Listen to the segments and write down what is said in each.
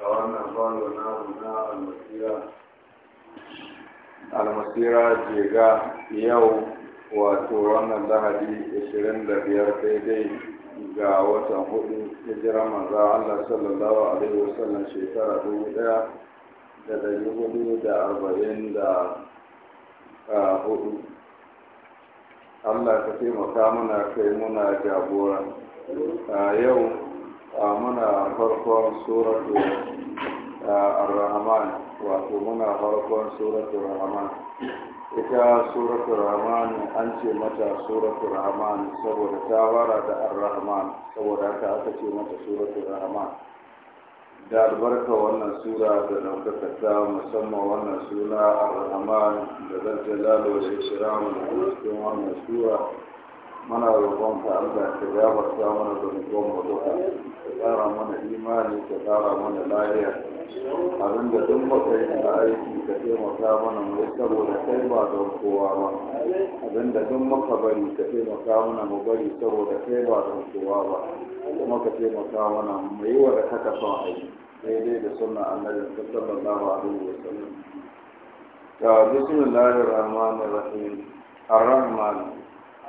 a wannan almasira ce ga yau wato wannan lahadi 25 daidai ga watan hudu jira maza Allah sallallahu alaihi wasallam shekara dubu da dari hudu da arba'in da hudu Allah ka taimaka mana kai muna jagora yau muna farkon suratu ar-rahman wato muna farkon suratu rahman ita suratu rahman an ce mata suratu rahman saboda ta wara da ar-rahman saboda haka aka ce mata suratu rahman da albarka wannan sura da daukaka ta musamman wannan suna ar-rahman da zan jalalo da ikiramu da wannan sura muna roƙonka Allah ka gafarta mana zunuban mu duka ka ƙara mana imani ka ƙara mana abin da duk muka yi da aiki ka taimaka mana mu saboda kai ba don kowa ba abin da duk muka bari ka taimaka mana mu bari saboda kai ba don kowa ba kuma ka taimaka mana mu yi wa da kaka son aiki daidai da sunan annabi sallallahu alaihi wasallam ta bismillahir rahmanir rahim ar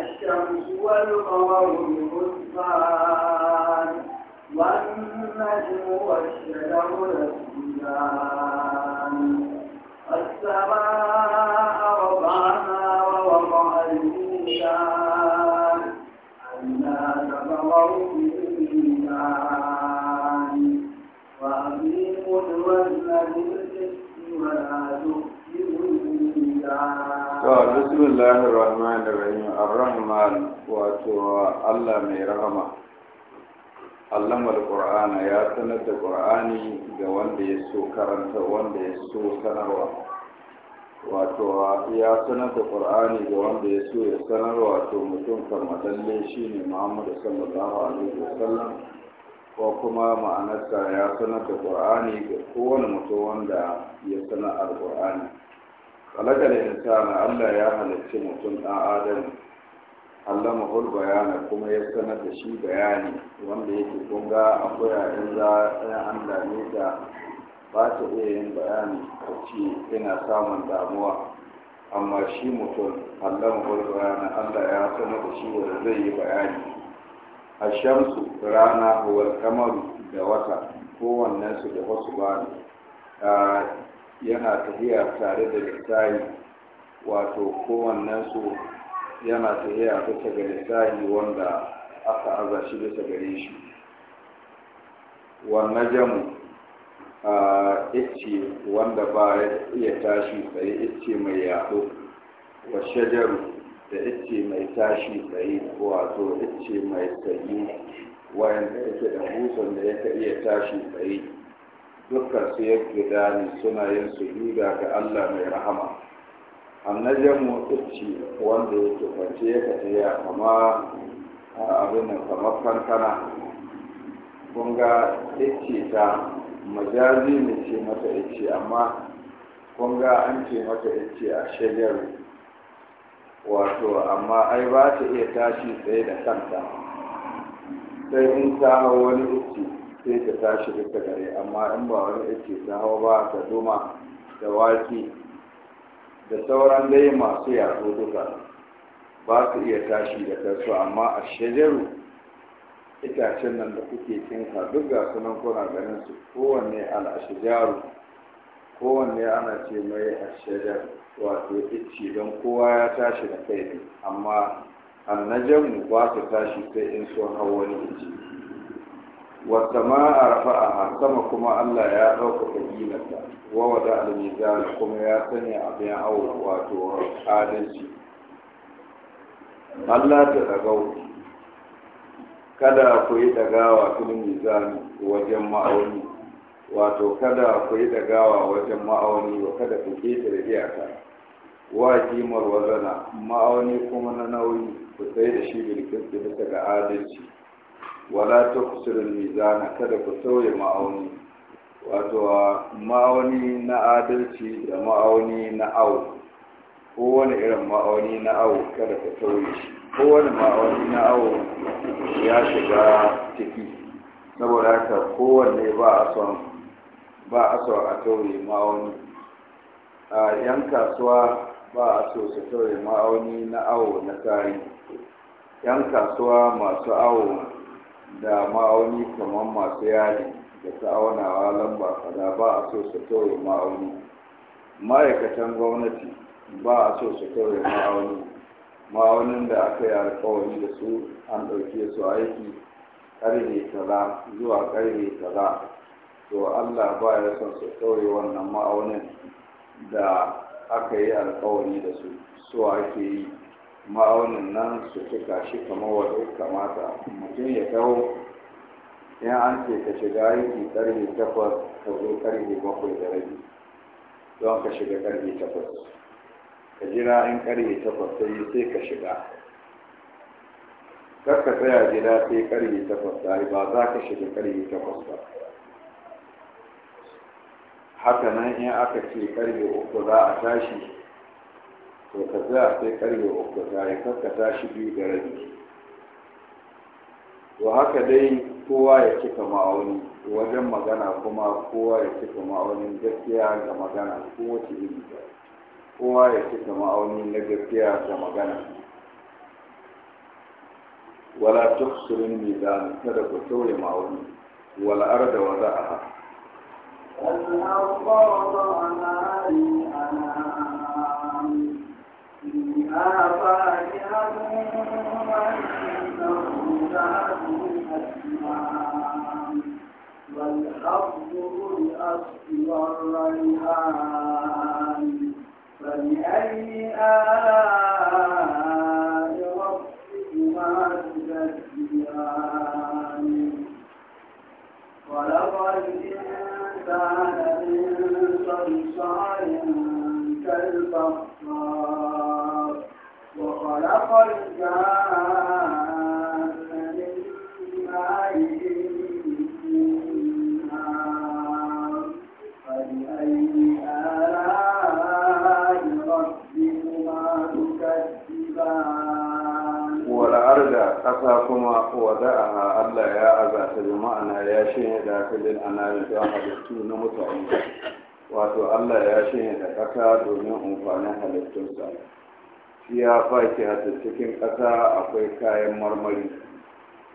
الشمس والقمر بحسبان والنجم والشجر يسجدان السماء رفعنا ووضع الميزان أنا تبغوا في الميزان وأقيموا الوزن بالقسط ولا تخسروا bismillahir rahmanir rahim ar-rahman wato Allah mai rahama allama alqur'ana ya sanar da qur'ani ga wanda ya so karanta wanda ya so sanarwa wato ya sanar da qur'ani ga wanda ya so ya sanar wato mutum farmadalle shine Muhammadu sallallahu alaihi wasallam ko kuma ma'anarsa ya sanar da qur'ani ga kowane mutum wanda ya sanar alqur'ani kalakal insana Allah ya halarci mutum ɗan adam Allah bayana kuma ya sanar da shi bayani wanda yake kunga akwai a in za an da ba ta iya yin bayani ka ce ina samun damuwa amma shi mutum Allah mahul bayana Allah ya sanar da shi wanda zai yi bayani a shamsu rana wal kamaru da wata kowannensu da wasu bani ah, yana tafiya tare da lissahi wato su yana tafiya bisa ga lissahi wanda aka aza shi bisa gare shi wannan jamu a ice wanda ba iya tashi tsaye ice mai yaɗo wa shajaru da ice mai tashi tsaye wato ice mai tsaye wayanda yake da busan da yake iya tashi tsaye dukkan su yake dani suna yin sujuda ga Allah mai rahama annajan mutuci wanda yake kwance ya tafiya kama abin nan kamar kankana kun ga yake ta majazi ne ce mata yake amma kun ga an ce mata yake a shagar wato amma ai ba ta iya tashi tsaye da kanta sai in ta hau wani ice sai ta tashi duka gare amma in ba wani ake ta hawa ba ta doma da waki da sauran dai masu yaso duka ba su iya tashi da kansu amma a shajaru itacen nan da kuke kinka duk ga sunan kuna ganin su kowanne shajaru kowanne ana ce mai shajar wato don kowa ya tashi da kai ne amma annajanmu ba su tashi sai in sun hau wani wata ma'a a sama kuma Allah ya ɗaukaka ginata wa wada almizan kuma ya sanya abin awon wato adalci Allah ta ɗaga kada ku yi dagawa filin mizani wajen ma'auni wato kada ku yi dagawa wajen ma'auni wa kada ku ketare iyaka wa kimar wazana ma'auni kuma na nauyi ku sai da shi bilkis bisa ga adalci wala ta kusurin mizana kada ku sauya ma'auni wato ma'auni na adalci da ma'auni na awo kowane irin ma'auni na awo kada ka sauya shi kowane ma'auni na awo ya shiga ciki saboda haka kowanne ba a son ba a son a tauye ma'auni a yan kasuwa ba a so su tauye ma'auni na awo na tari yan kasuwa masu awo da ma'auni kamar masu yari da ta'aunawa lamba kaza ba a so su tauye ma'auni ma'aikatan gwamnati ba a so su tauye ma'auni ma'aunin da aka yi alkawari da su an ɗauke su aiki ƙarfe tara zuwa ƙarfe tara, to allah ba ya son su tauye wannan ma'aunin da aka yi alkawari da su so ake yi ma'aunin nan su cika shi kamar wadda kamata mutum ya taho in an ce ka shiga aiki karfe takwas ka zo karfe bakwai da rabi don ka shiga karfe takwas ka jira in karfe takwas sai sai ka shiga kar ka tsaya jira sai karfe takwas ta ba za ka shiga karfe takwas ba haka nan in aka ce karfe uku za a tashi to ka tsaya sai karfe uku ta yi ta shi biyu da rabi to haka dai kowa ya cika ma'auni wajen magana kuma kowa ya cika ma'aunin gaskiya ga magana kowace iri kowa ya cika ma'auni na gaskiya ga magana wala tuksirin mizan kada ku sauya ma'auni wala arda wa za'aha والأرض منها فاكهة وإنه ذهب الأسمان والحب الأصل فبأي آلاء ربكما تكذبان خلق الإنسان من صلصال كالفخار وخلق الجان من ماء ƙasa kuma wada'aha Allah ya azata bi ma'ana ya shanye da filin anami don halittu na mutane wato Allah ya shanye da ƙasa domin amfanin halittunsa ya baki hata cikin ƙasa akwai kayan marmari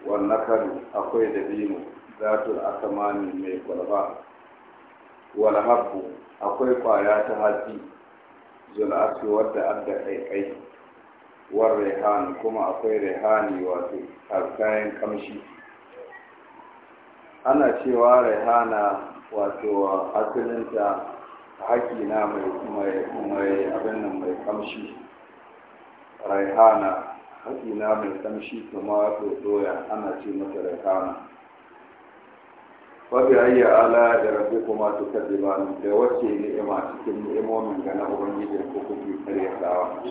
wannan akwai dabino zatul asamani mai kwalba walhabbu akwai kwaya ta hatsi zul'asu wadda adda kai war rehan kuma akwai rehani wato kayan kamshi ana cewa rehana wato asalinta haƙi na mai abin nan mai kamshi raihana na mai kamshi kuma doya ana ce mata raihana wadda ayya ala da rabu kuma su kaddi ba da wacce ni'ima cikin ni'imomin ga na ubangijin ko kuke karyatawa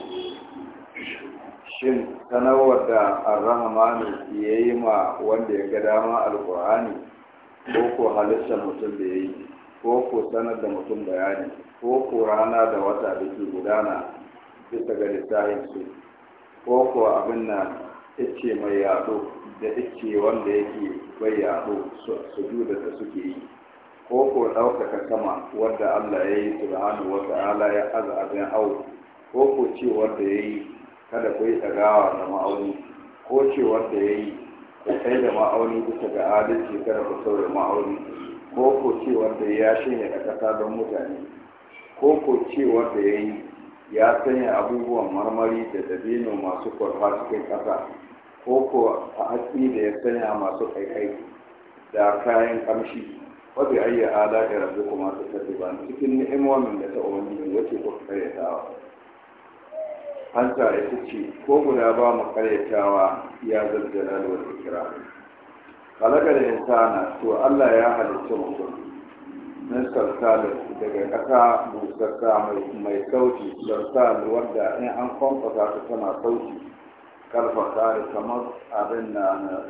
shin sanarwar da ne ya yi ma wanda ya ga dama alkur'ani ko ko halittar mutum da ya yi ko ko sanar da mutum bayani ko ko rana da wata da ke gudana bisa ga littafin su Koko abin na icce mai yaɗo da ice wanda yake bai yaɗo sujuda da suke yi ko ko ɗaukaka sama wadda Allah ya yi subhanahu wa ta'ala ya aza abin au ko ko ce wanda ya yi kada ku yi ɗagawa da ma'auni ko ce wanda ya yi ku kai da ma'auni bisa ga adalci kada ku da ma'auni ko ko ce wanda ya shine da ƙasa don mutane ko ko ce wanda ya yi ya sanya abubuwan marmari da dabino masu kwarfa cikin ƙasa ko ko a hatsi da ya sanya masu kaikai da kayan kamshi wadda ayya ala da rabu kuma su tafi ba cikin ni'imomin da ta ne wacce ko karyatawa hanta ita ce ko guda ba mu karyatawa ya zaddala da wata kira kalaka da insana to allah ya halitta mutum min daga ƙasa busassa mai sauti sarsal wadda in an kwamfata ta tana sauti karfata da kamar abin na na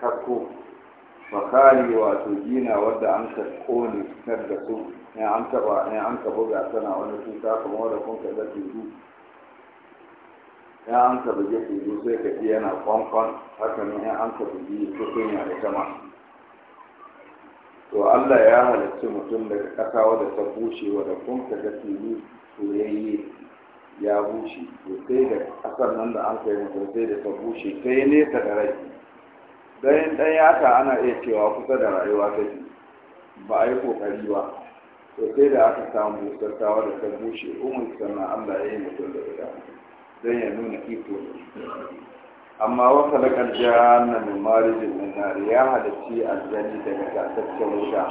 kakko fakari wato gina wadda an ka kone fitar da su in an taba in an ka buga tana wani cuta kamar wadda kun ka zafi zu ya an ka buge teku sai ka ji yana kwamfan haka ne in an ka bugi tukunya da sama to Allah ya halarci mutum daga ƙasa wadda ta bushe wadda kun ka ga fili soyayye ya bushe to sai da ƙasar nan da an kai mutum sai da ta bushe ta yi nesa da rai dan dan yata ana iya cewa kusa da rayuwa ta ce ba a yi kokari ba to sai da aka samu sassawa da ta bushe umar sannan Allah ya yi mutum da ita don ya nuna iko amma wata lakar jihanna min marijin min nari ya halarci aljani daga tasaccen wuta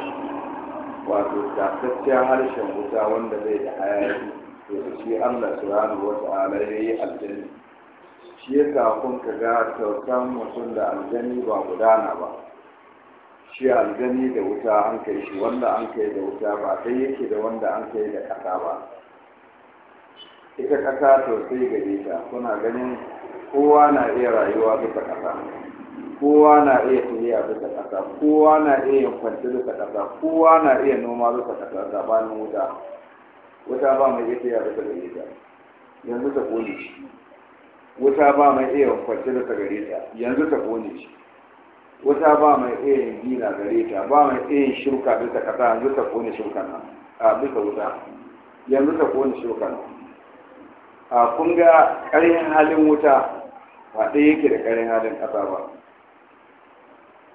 wato tasaccen harshen wuta wanda bai da hayaki to da shi allah subhanahu wa ta'ala ya yi aljani shi yasa kun ka ga tausan mutum da aljani ba gudana ba shi aljani da wuta an kai shi wanda an kai da wuta ba sai yake da wanda an kai da ƙasa ba ita ƙasa to sai gare ta kuna ganin kowa na iya rayuwa bisa ƙasa kowa na iya tafiya bisa ƙasa kowa na iya yin kwanci bisa ƙasa kowa na iya noma bisa ƙasa gabanin wuta wuta ba mai iya tafiya bisa gari ta yanzu ta kone shi wuta ba mai iya yin kwanci bisa gari ta yanzu ta kone shi wuta ba mai iya yin gina gari ta ba mai iya yin shuka bisa ƙasa yanzu ta kone shuka nan a bisa wuta yanzu ta kone shuka nan a kun ga ƙarfin halin wuta ba ɗaya yake da ƙarin halin ƙasa ba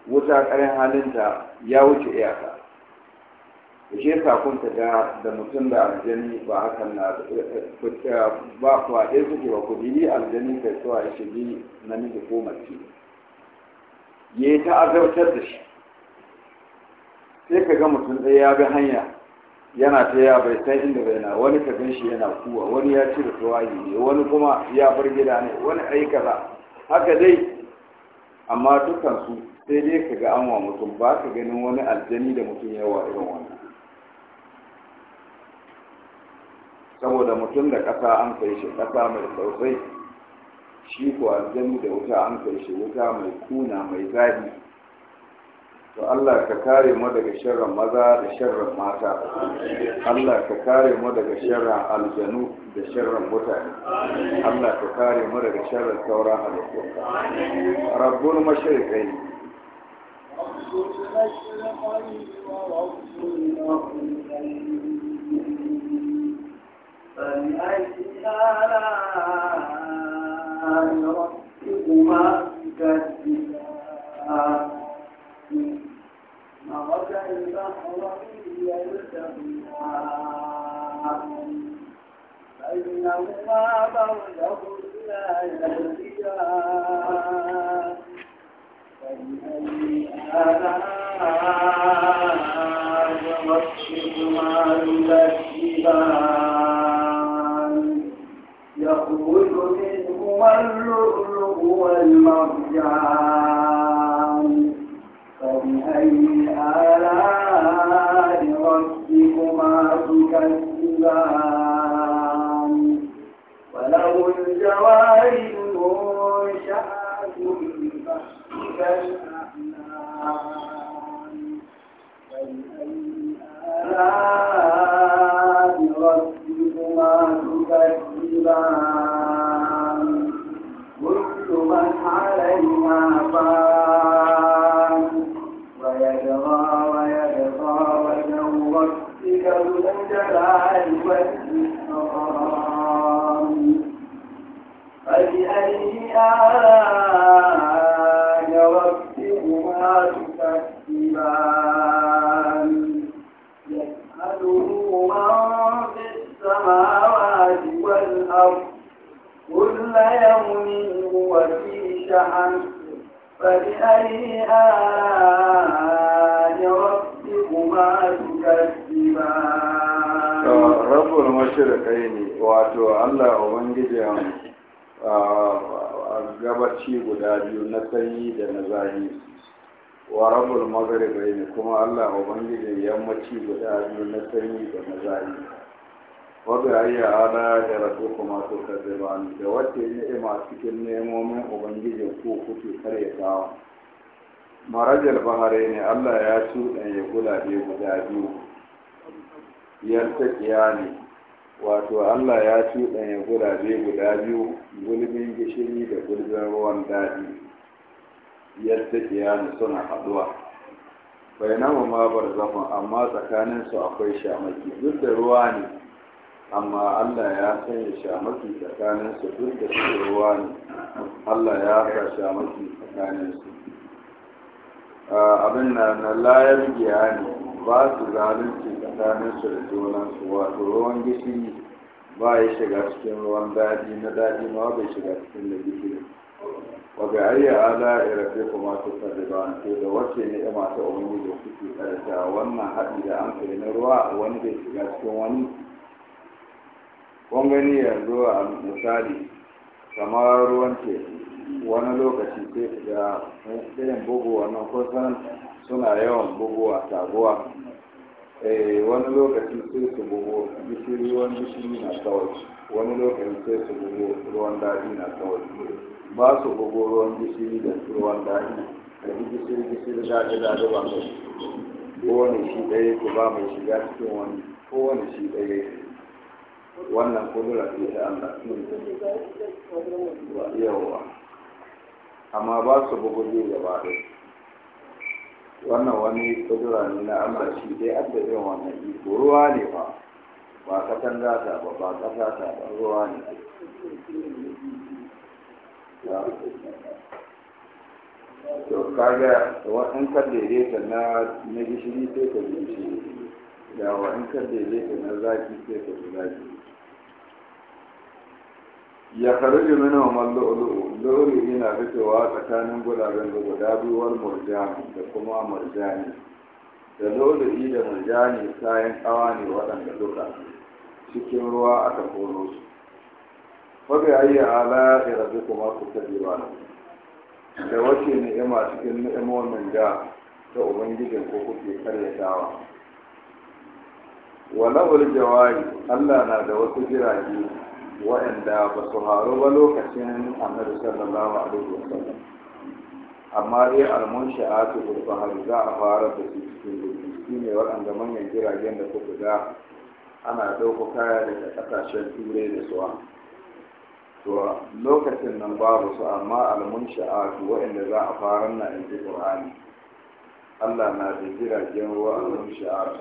wuta ƙarin halinta ya wuce iyaka da shi sakunta da da mutum da aljani ba hakan na eh, eh, eh, ba kuwa ɗaya suke ba ku biyi aljani kai tsawa ni na namiji ko mace ya yi ta azabtar da shi sai ka ga mutum ɗaya ya bi hanya yana ta ya bai san inda bai na wani kafin shi yana kuwa wani ya ci da tuwayi ne wani kuma ya bar gida ne wani aika za haka dai amma dukkan su sai dai ka ga an wa mutum ba ka ganin wani aljani da mutum ya wa irin wannan saboda mutum da ƙasa an kai shi ƙasa mai sausai shi ko aljani da wuta an kai shi wuta mai kuna mai zafi to Allah ka kare mu daga sharrin maza da sharrin mata Allah ka kare mu daga sharrin aljanu da sharrin mutane Allah ka kare mu daga sharrin sauran halittu rabbul mashriqai فلأي آلاء ربكما تكذبان مرج البحر يلتقيان بينهما برزخ لا يلتقيان فبأي آلاء ربكما تكذبان يخرج منهما اللؤلؤ والمرجان ne wato Allah ya cuɗanya gurabe guda biyu gulbin gishiri da gulbin ruwan daɗi yadda kiyami suna haɗuwa bainahu ma barzakhun amma tsakanin su akwai shamaki duk da ruwa ne amma Allah ya sanya shamaki tsakanin su duk da ruwa ne Allah ya sa shamaki tsakanin su ah, abin na na layar giya ne ba su zalunci su da su wato ruwan gishiri ba ya shiga cikin ruwan daɗi na daɗi ma bai shiga cikin da gishiri wa ga ayya ala irafe kuma su sarriba to da wacce ya mata omini da kuke karanta wannan haɗi da an kai na ruwa wani bai shiga cikin wani kun gani yanzu a misali kamar ruwan ke wani lokaci sai ga irin bugu wannan kusan suna yawan bugowa taguwa eh, wani lokaci sai su bugo gishiri wani gishiri na kawai wani lokaci sai su bugo ruwan daji na kawai ba su bugo ruwan gishiri da ruwan daji da gishiri gishiri daji daji ba su kowane shi ɗaya ko ba mai shiga cikin wani kowane shi ɗaya wannan kudura ce ta Allah yawa amma ba su bugo gaba ɗaya wannan wani kudura ne na Allah shi dai adda zai wannan iko ruwa ne ba ba katan ta ba ba kasa ta ba ruwa ne to kaga in ka daidaita na na gishiri sai ka gishiri da in ka daidaita na zaki sai ka zaki ya karbi mini wa mallu'ulu lori yana fitowa tsakanin gulaben da guda biyuwar murjani da kuma murjani da lori da murjani kayan kawa ne waɗanda duka cikin ruwa aka koro su fabi ayi ala irabi kuma ku tabi ba da wace ni'ima cikin ni'imomin da ta ubangijin ko kuke karyatawa wala jawari allah na da wasu jirage waɗanda ba su haru ba lokacin annabi sallallahu alaihi wasallam amma dai almun sha'atu bahari za a fara da su cikin ne waɗanda manyan jiragen da kuka ga ana ɗauko kaya daga ƙasashen ture da suwa to lokacin nan babu su amma almun sha'atu waɗanda za a fara na yanzu ƙur'ani allah na da jiragen ruwa almun sha'atu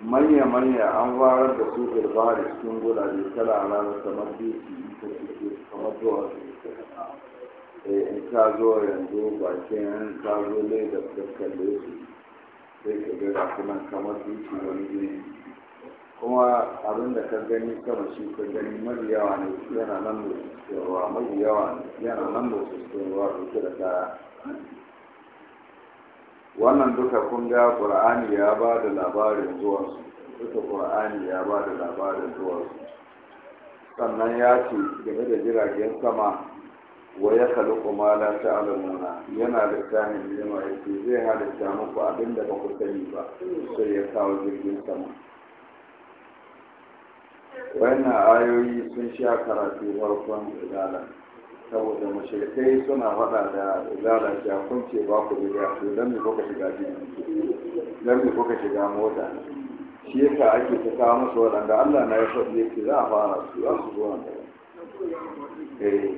manya-manya an warar da su da cikin da kala a da kamar yi ta suke kamar zuwa su eh, in ta zo yanzu bakin ta zo ne da da su sai ka ga kuma kamar bisi wani gini kuma abin da ka gani kama shi ka gani mafi yawa ne yana nan da su cewa mafi yawa yana nan da su ruwa da kaya wannan duka kun ga qur'ani ya ba da labarin zuwansu duka qur'ani ya ba da labarin zuwansu sannan ya ce game da jiragen sama wa ya khaluqu ma la ta'lamuna yana da ne ma yake zai halitta muku abin da ba ku sani ba sai ya kawo jirgin sama wannan ayoyi sun sha karatu farkon rijalan saboda mashirkai suna faɗa da zara ya kunce ba ku da to dan me kuka shiga jini dan me kuka shiga mota shi yasa ake ta kawo musu waɗanda Allah na ya faɗi yake za a fara su za su zo nan eh,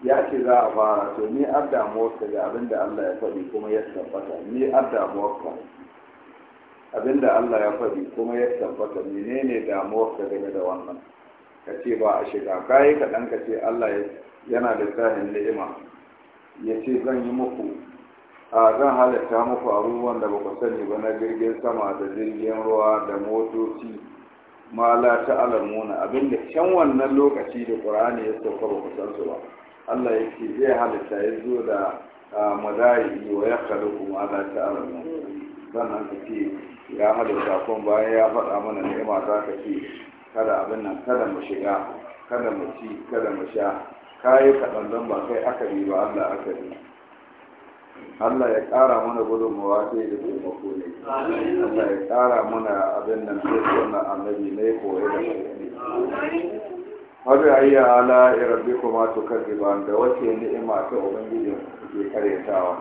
ya ce za a fara to ni an damuwarka ga abin da Allah ya faɗi kuma ya tabbata ni an damuwarka abin da Allah ya faɗi kuma ya tabbata menene damuwarka game da wannan ka ce ba a shiga kayi kaɗan ka ce Allah ya yana da sahin ni'ima ya ce zan yi muku a zan halitta muku ruwan da ba ku sani ba na jirgin sama da jirgin ruwa da motoci ma la ta'lamuna abinda can wannan lokaci da ƙur'ani ya sauka ba ku san su ba Allah ya ce zai halitta ya zo da madayi wa ya ku ma la Zan sannan ka ce ya halitta kun bayan ya faɗa mana ni'ima za ka ce kada abin nan kada mu shiga kada mu ci kada mu sha ka yi don ba kai akari ba allah akari Allah ya ƙara mana gudunmawa ta da taimako ne Allah ya ƙara mana abin nan sai wannan annabi ne koyi da kai Hadu ayya ala irabbi kuma to kaddiban da wace ni'ima ta ubangiji ke karyatawa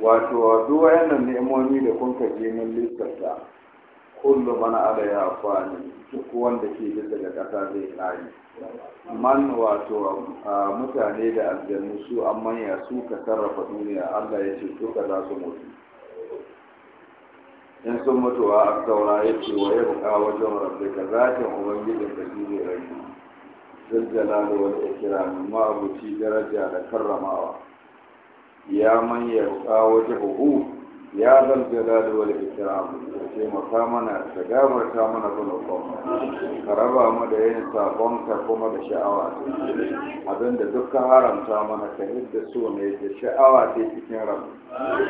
wato duk wayannan ni'imomi da kun ka je min listarta kullum mana ala ya fani duk wanda ke bisa ga kasa zai kare man wato a mutane da aljannu su an manya su ka sarrafa duniya allah ya ce to za su mutu in sun mutuwa a saura ya ce wa ya buka wajen rabbi ka zakin ubangijin da shi ne sun jana da wani ma'abuci daraja da karramawa ya manya ya buka wajen hukumu ya zan zal jalal wal ikram ce maka mana ka gafarta mana gunubban ka raba mu da yin sabon ka kuma da sha'awa abinda duk ka haramta mana ka hidda so ne da sha'awa ce cikin rabu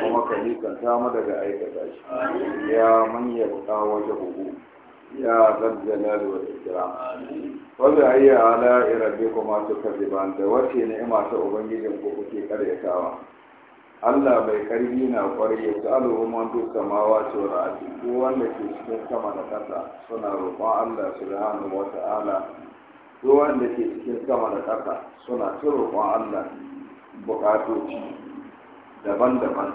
kuma ka nikanta mu daga aikata shi ya man yabqa wajhuhu ya zan zalzalal wal ikram wanda a ayya ala kuma su irabbikuma tukadiban da wace ni'ima ta ubangijin ko kuke karyatawa Allah bai karbi na kwarai ya tsalo kuma duk kama ce wa ra'adi ko wanda ke cikin sama da ƙasa suna roƙon Allah su hannu wa ta'ala ko wanda ke cikin sama da ƙasa suna ta roƙon Allah buƙatoci daban-daban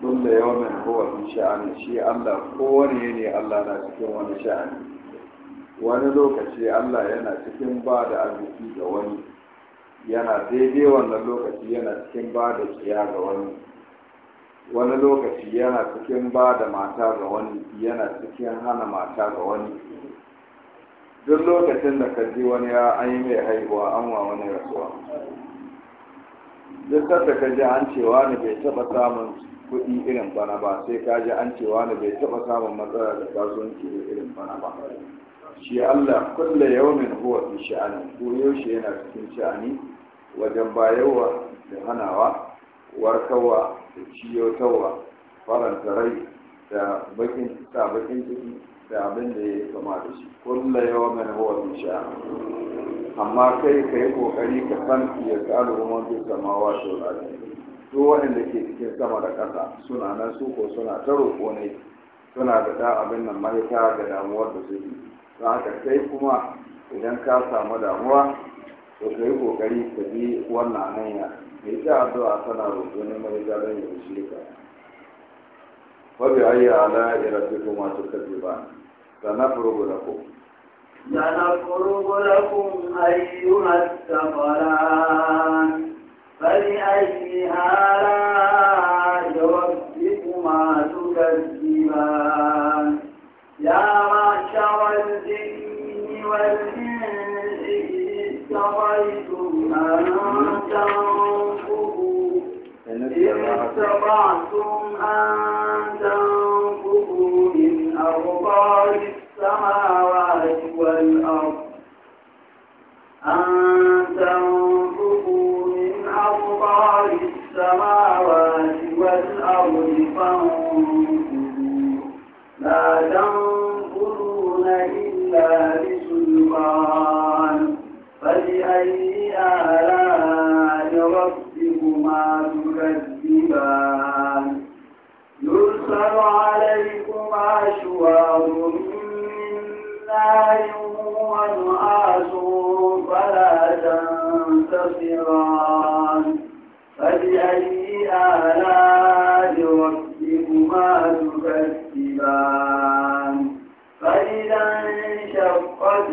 Tun da yawan mai kowa sun sha'ani shi Allah kowane ne Allah na cikin wani sha'ani wani lokaci Allah yana cikin ba da arziki ga wani yana daidai wannan lokaci yana cikin ba da tsiya ga wani wani lokaci yana cikin ba da mata ga wani yana cikin hana mata ga wani duk lokacin da ka ji wani ya an yi mai haihuwa an wa wani rasuwa duk da ka ji an cewa ne bai taɓa samun kuɗi irin bana ba sai ka ji an cewa ne bai taɓa samun matsala da kasuwanci irin bana ba shi Allah kulle min huwa fi sha'ani ko yaushe yana cikin sha'ani wajen bayarwa da hanawa warkarwa da ciyotarwa faranta rai da bakin sa bakin ciki da abin da ya kama da shi kulle min huwa fi sha'ani amma kai kai kokari ka san ya kalu man bi samawa to waɗanda ke cikin sama da ƙasa suna nan su ko suna ta ko ne suna da abin nan mahita ga damuwar da suke haka sai kuma idan ka samu damuwa to kai yi kokari ka bi wannan hanya mai zo a tana roƙo ne mai ya rushe ka fa bi ayi ala irabbikum ma tukadiba sana furugo da ku sana furugo da ku ayyuha tsabaran bari ayi ala yawabbikum ma tukadiba إن استطعتم أن تنفقوا من أرضاء السماوات والأرض أن تنفقوا من السماوات والأرض فانفقوا لا تنفقون إلا نار ونعاس فلا تنتصران فبأي آلاء ربكما فإذا انشقت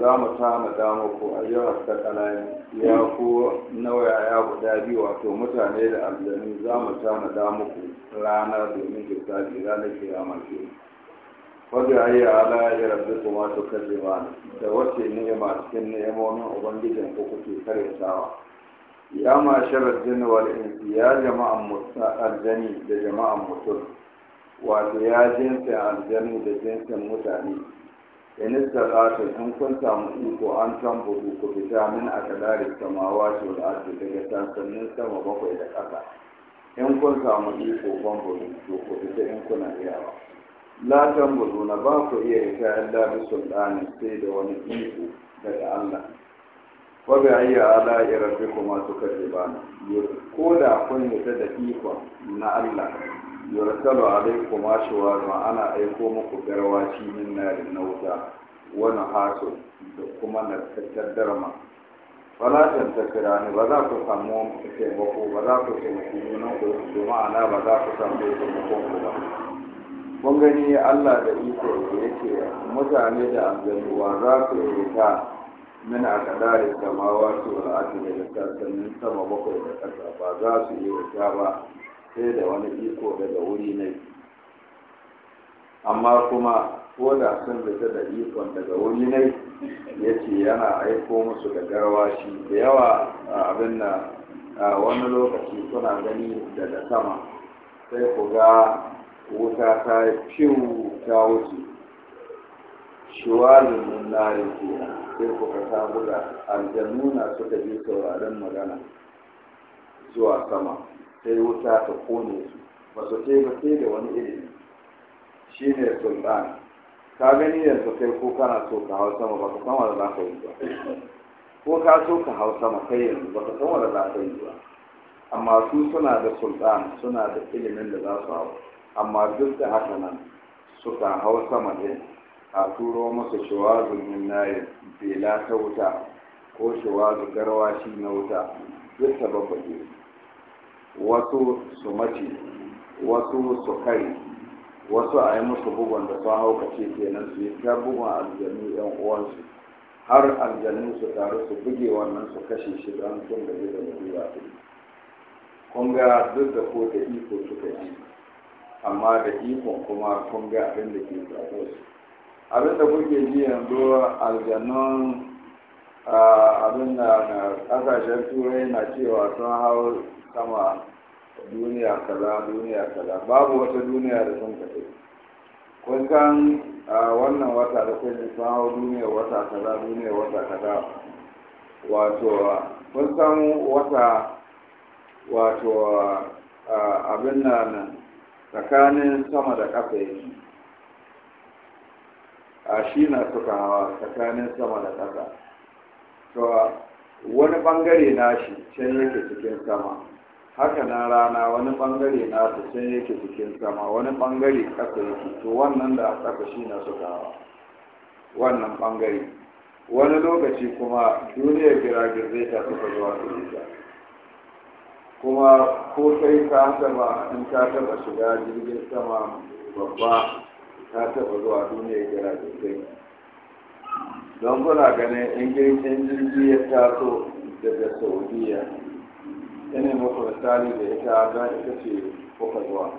za mu tanada ko a jihar sakalai ya ku nawaya ya guda biyu wato mutane da aljanu za mu tanada muku rana domin jirgaji ranar kiyama ke wadda ayi ala ya rabbi kuma su kalli ba da wace ni'ima cikin ni'imomin ubangijin ku kuke karyatawa ya ma sharar jinni wal insi ya jama'an aljani da jama'an mutum wato ya jinsin aljani da jinsin mutane in ƙasar, in kun samu iko an buku ku fita min samawa samawati da ake daga sansannin sama bakwai da ƙasa in kun samu iko ban to ku fita in kuna iyawa la tambulu na ba ku iya ita illa bi sultani sai da wani iko daga Allah wa bi ayya ala rabbikuma tukadzibana ko da kun yi da iko na Allah yursalu alaikum ashwa ma ana aiko muku garwaci min narin nauta wani haso da kuma na darma wala tantakira ne ba za ku samu taimako ba za ku taimaki nunan ku domin ana ba za ku samu taimakon ku ba kun gani allah da iko ya ce mutane da aljanuwa za su yi ta min a kadari samawa su al'adu da sassanin sama bakwai da ƙasa ba za su yi ta ba sai da wani iko daga wuri ne amma kuma ko da sun ta da ikon daga wuri ne ya ce yana aiko musu da garwashi da yawa abin na wani lokaci kuna gani daga sama sai ku ga wuta ta fiw ta wuce shiwalin nunnari ke sai kuka ta buga. aljannu na suka bi sauraron magana zuwa sama sai wuta ta kone su ba su ce ba sai da wani ilimi shi ne sultan ka gani yanzu kai ko kana so ka hau sama ba ka san wanda za ka yi ba ko ka so ka hau sama kai yanzu ba ka san wanda za ka yi ba amma su suna da sultan suna da ilimin da za su hau amma duk da haka nan suka hau sama ne a turo masa shawazu min nayin bela ta wuta ko shawazu garwashi na wuta duk ta babbaje wasu su mace wasu su kai wasu a yi musu bugun da sun hau kace kenan su yi ta bugun aljanu yan uwansu har aljanu su taru su buge wannan su kashe shi don sun gaji da mutuwa kun ga duk da ko da iko suka yi amma da ikon kuma kun ga abin da ke zaɓo su abin da kuke ji yanzu aljanun abin da na ƙasashen turai na cewa sun hau sama duniya kaza duniya kaza babu wata duniya da sun kaɗe kun san wannan wata da kun sun hau duniya wata kaza duniya wata kaza wato kun san wata wato abin nan tsakanin sama da ƙasa yake a shi na tukawa tsakanin sama da ƙasa to wani ɓangare na shi can yake cikin sama haka na rana wani ɓangare na su can yake cikin sama wani ɓangare ƙasa yake to wannan da a ƙasa shi na tukawa wannan ɓangare wani lokaci kuma duniyar zai ta suka zuwa su kuma ko kai ka taba in ka taba shiga jirgin sama babba ta taba zuwa duniya gira sosai don kuna ganin in girkin jirgi ya taso daga saudiya ina muku misali da ita don ita ce kuka zuwa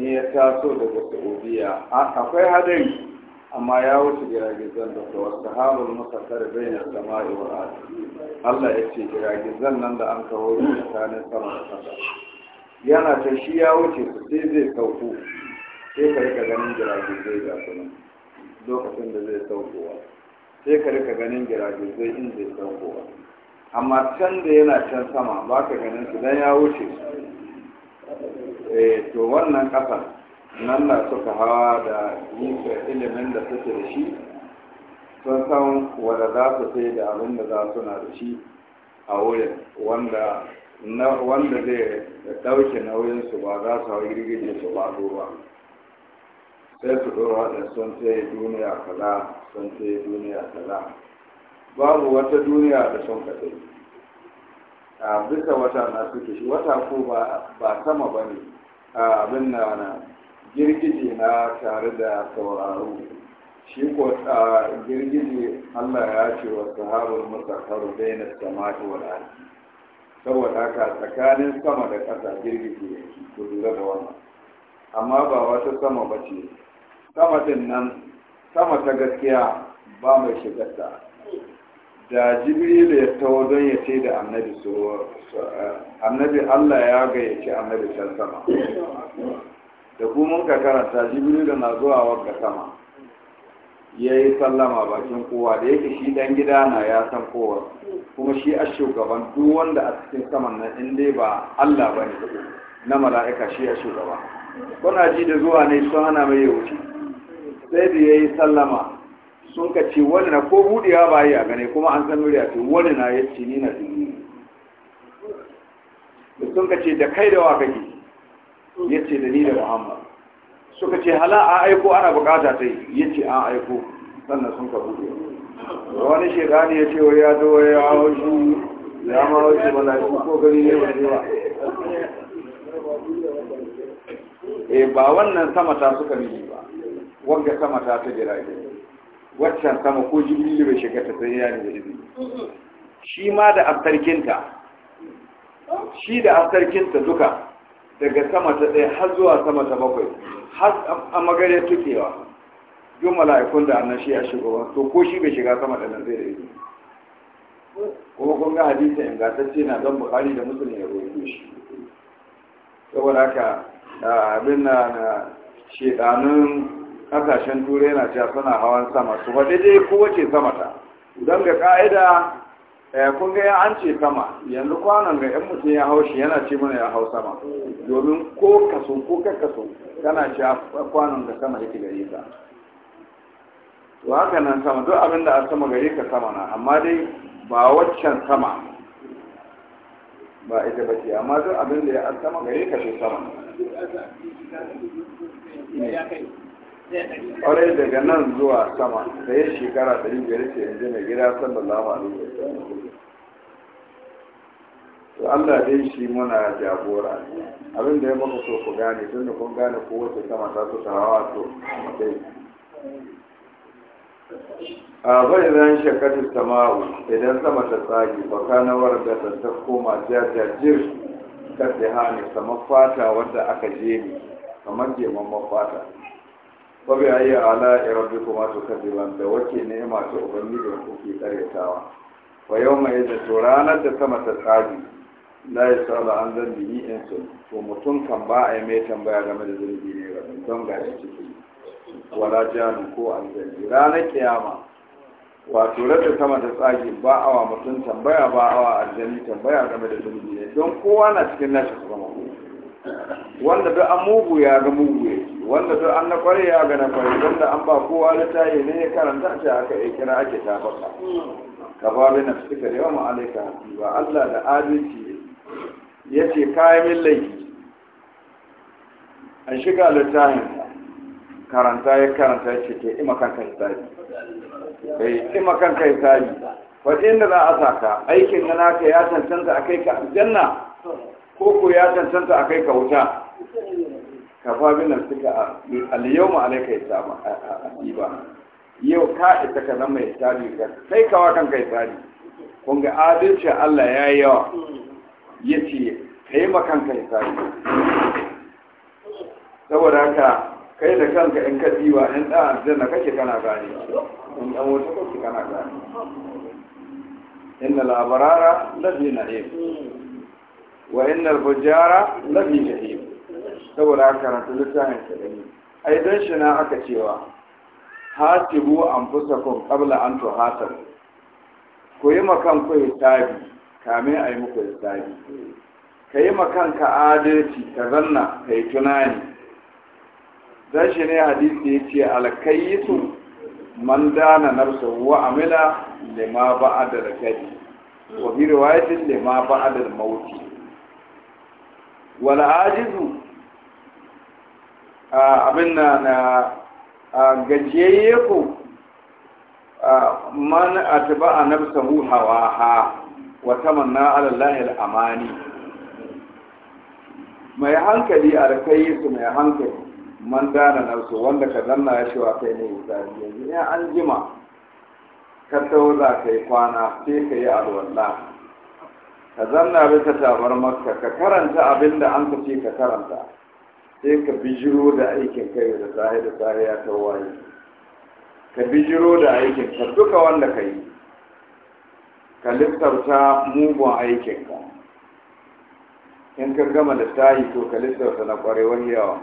in ya taso daga saudiya akwai hadari amma ya wuce giragizan da kuwa sahabar musakar bai na sama iwa Allah ya ce giragizan nan da an kawo tsakanin sama da kasa yana ta shi ya wuce su sai zai sauko sai ka rika ganin giragizai ga sunan lokacin da zai saukowa sai ka rika ganin giragizai in zai saukowa amma can da yana can sama ba ka ganin su dan ya wuce su eh, to wannan kasar nan na suka hawa da nika ilimin da suke da shi sun san wadda za su sai da abin da za su na da shi a wurin wanda zai ɗauke nauyinsu ba za su hau girgije su ba ba sai su ɗora da sun sai duniya kaza sun sai duniya kaza babu wata duniya da sun kaɗai a bisa wata na suke shi wata ko ba sama ba ne abin na girgije na tare da sauraro shi ko a girgije Allah ya ce wa sahabar musakaru baina samai wal ardi saboda haka tsakanin sama da ƙasa girgije yake ko da wannan amma ba wata sama ba ce sama din nan sama ta gaskiya ba mai shigarta da jibril ya tawo don ya ce da annabi so annabi Allah ya gayyaci annabi can sama da ku mun ka karanta jibril na zuwa wagga sama ya yi sallama bakin kowa da yake shi dan gida na ya san kowa kuma shi a shugaban duk wanda a cikin saman nan in dai ba Allah ba ne na mala'ika shi a shugaba kuna ji da zuwa ne sun hana mai yauci. sai da ya yi sallama sun ka ce wani na ko budewa ba yi a gane kuma an san a ce wani na ya ce ni na duniya da sun ka ce da kai da wa kake ya ce da ni da muhammad suka ce hala an aiko ana bukata ta yi ya ce an aiko sannan sun ka buɗe wani shekani ya ce wa ya zo ya hau shi ya ma hau shi mana shi ko gari ne ba ne ba e ba wannan sama ta suka miji ba Wanda sama ta ta jirage waccan sama ko jibrilu bai shiga ta sai ya ne da izini shi ma da astarkinta shi da astarkinta duka daga sama ta ɗaya har zuwa sama ta bakwai har a magare tukewa duk mala'ikun da annashi shi ya shigo to ko shi bai shiga sama da nan zai da yi. kuma kun ga gasar ce na don bukari da musulmi ya roƙi shi saboda haka abin na na shedanun kasashen turai na cewa suna hawan sama su ba dai kowace sama ta don ga ka'ida kun ga an ce sama yanzu kwanan ga yan mutum ya haushi yana ce mana ya hau sama domin ko kaso ko kaso kana ce kwanan ga sama yake gare ka to haka nan sama duk abin da a sama gare ka sama na amma dai ba waccan sama ba ita ba ce amma duk abin da ya sama gare ka shi sama ne kwarai daga nan zuwa sama da ya shekara ɗari biyar ce yanzu mai gida sallallahu da wa sallam to Allah dai shi muna jagora abin da ya maka so ku gane tun da kun gane ko wata sama ta su tarawa to dai a bai zan shekatu sama'u idan sama ta tsagi baka na warga ta koma jajajir ta hannu sama fata wadda aka je ne kamar jeman mafata babu ya ayi ala irabbi kuma to kaziban da wace ni'ima ta ubangiji da kuke karyatawa wa yau mai yadda to ranar da sama ta tsari la ya sa'ala an zan bihi in su to mutum kan ba a yi mai tambaya game da zurbi ne ga don ga shi ciki wala janu ko an zan ranar kiyama wato rata sama ta tsagi ba awa mutum tambaya ba awa aljani tambaya game da zurbi ne don kowa na cikin nashi su zama kuma wanda duk an mugu ya ga mugu ya wanda duk an na ya ga na wanda an ba kowa littafi ne ya karanta ce aka yi kira ake ta baka ka ba bi na suka da yawan alaika ba Allah da adalci ya ce kayan min laifi an shiga littafin karanta ya karanta ya ce ke ima kanka hisabi kai ima kanka hisabi fa inda za a saka aikin na naka ya tantanta a kai ka janna. ko ko ya cancanta a kai ka wuta ka fa bin nan suka al-yawma alayka isama asiba yau ka ita ka zama tsari ga sai wakan kai tsari kun ga adalci Allah ya yi yawa ya ce ka yi kai tsari saboda haka kai da kanka in ka diwa in ɗan aljanna kake kana gane in ɗan wata kake kana gane inna labarara ladina ne wa innal fujjara lafi jahim saboda haka karanta littafin sadani ai dan shi na aka cewa hasibu anfusakum qabla an tuhasabu ku yi makan ku hisabi kamin a yi muku hisabi ka yi makan ka adalci ka zanna ka yi tunani dan shi hadisi ya ce alkayitu man dana nafsahu wa amila lima ba'ada al-kadi wa bi riwayatin lima mauti wal'ajizu A abin na na gajiyayye ko man atba a nafsahu hawaha wa tamanna ala lahil amani mai hankali a kai su mai hankali man dana su, wanda ka zanna ya shewa kai ne zai yanzu in an jima ka tauza kai kwana sai ka yi alwallah ka zanna ka tabar makka ka karanta abin da an ce ka karanta sai ka bijiro da aikin kai da sahi da sahi ya tawaye ka bijiro da aikin ka duka wanda ka yi ka lissafta mugun aikin ka in ka gama da sahi to ka lissafta na kwarewar yawa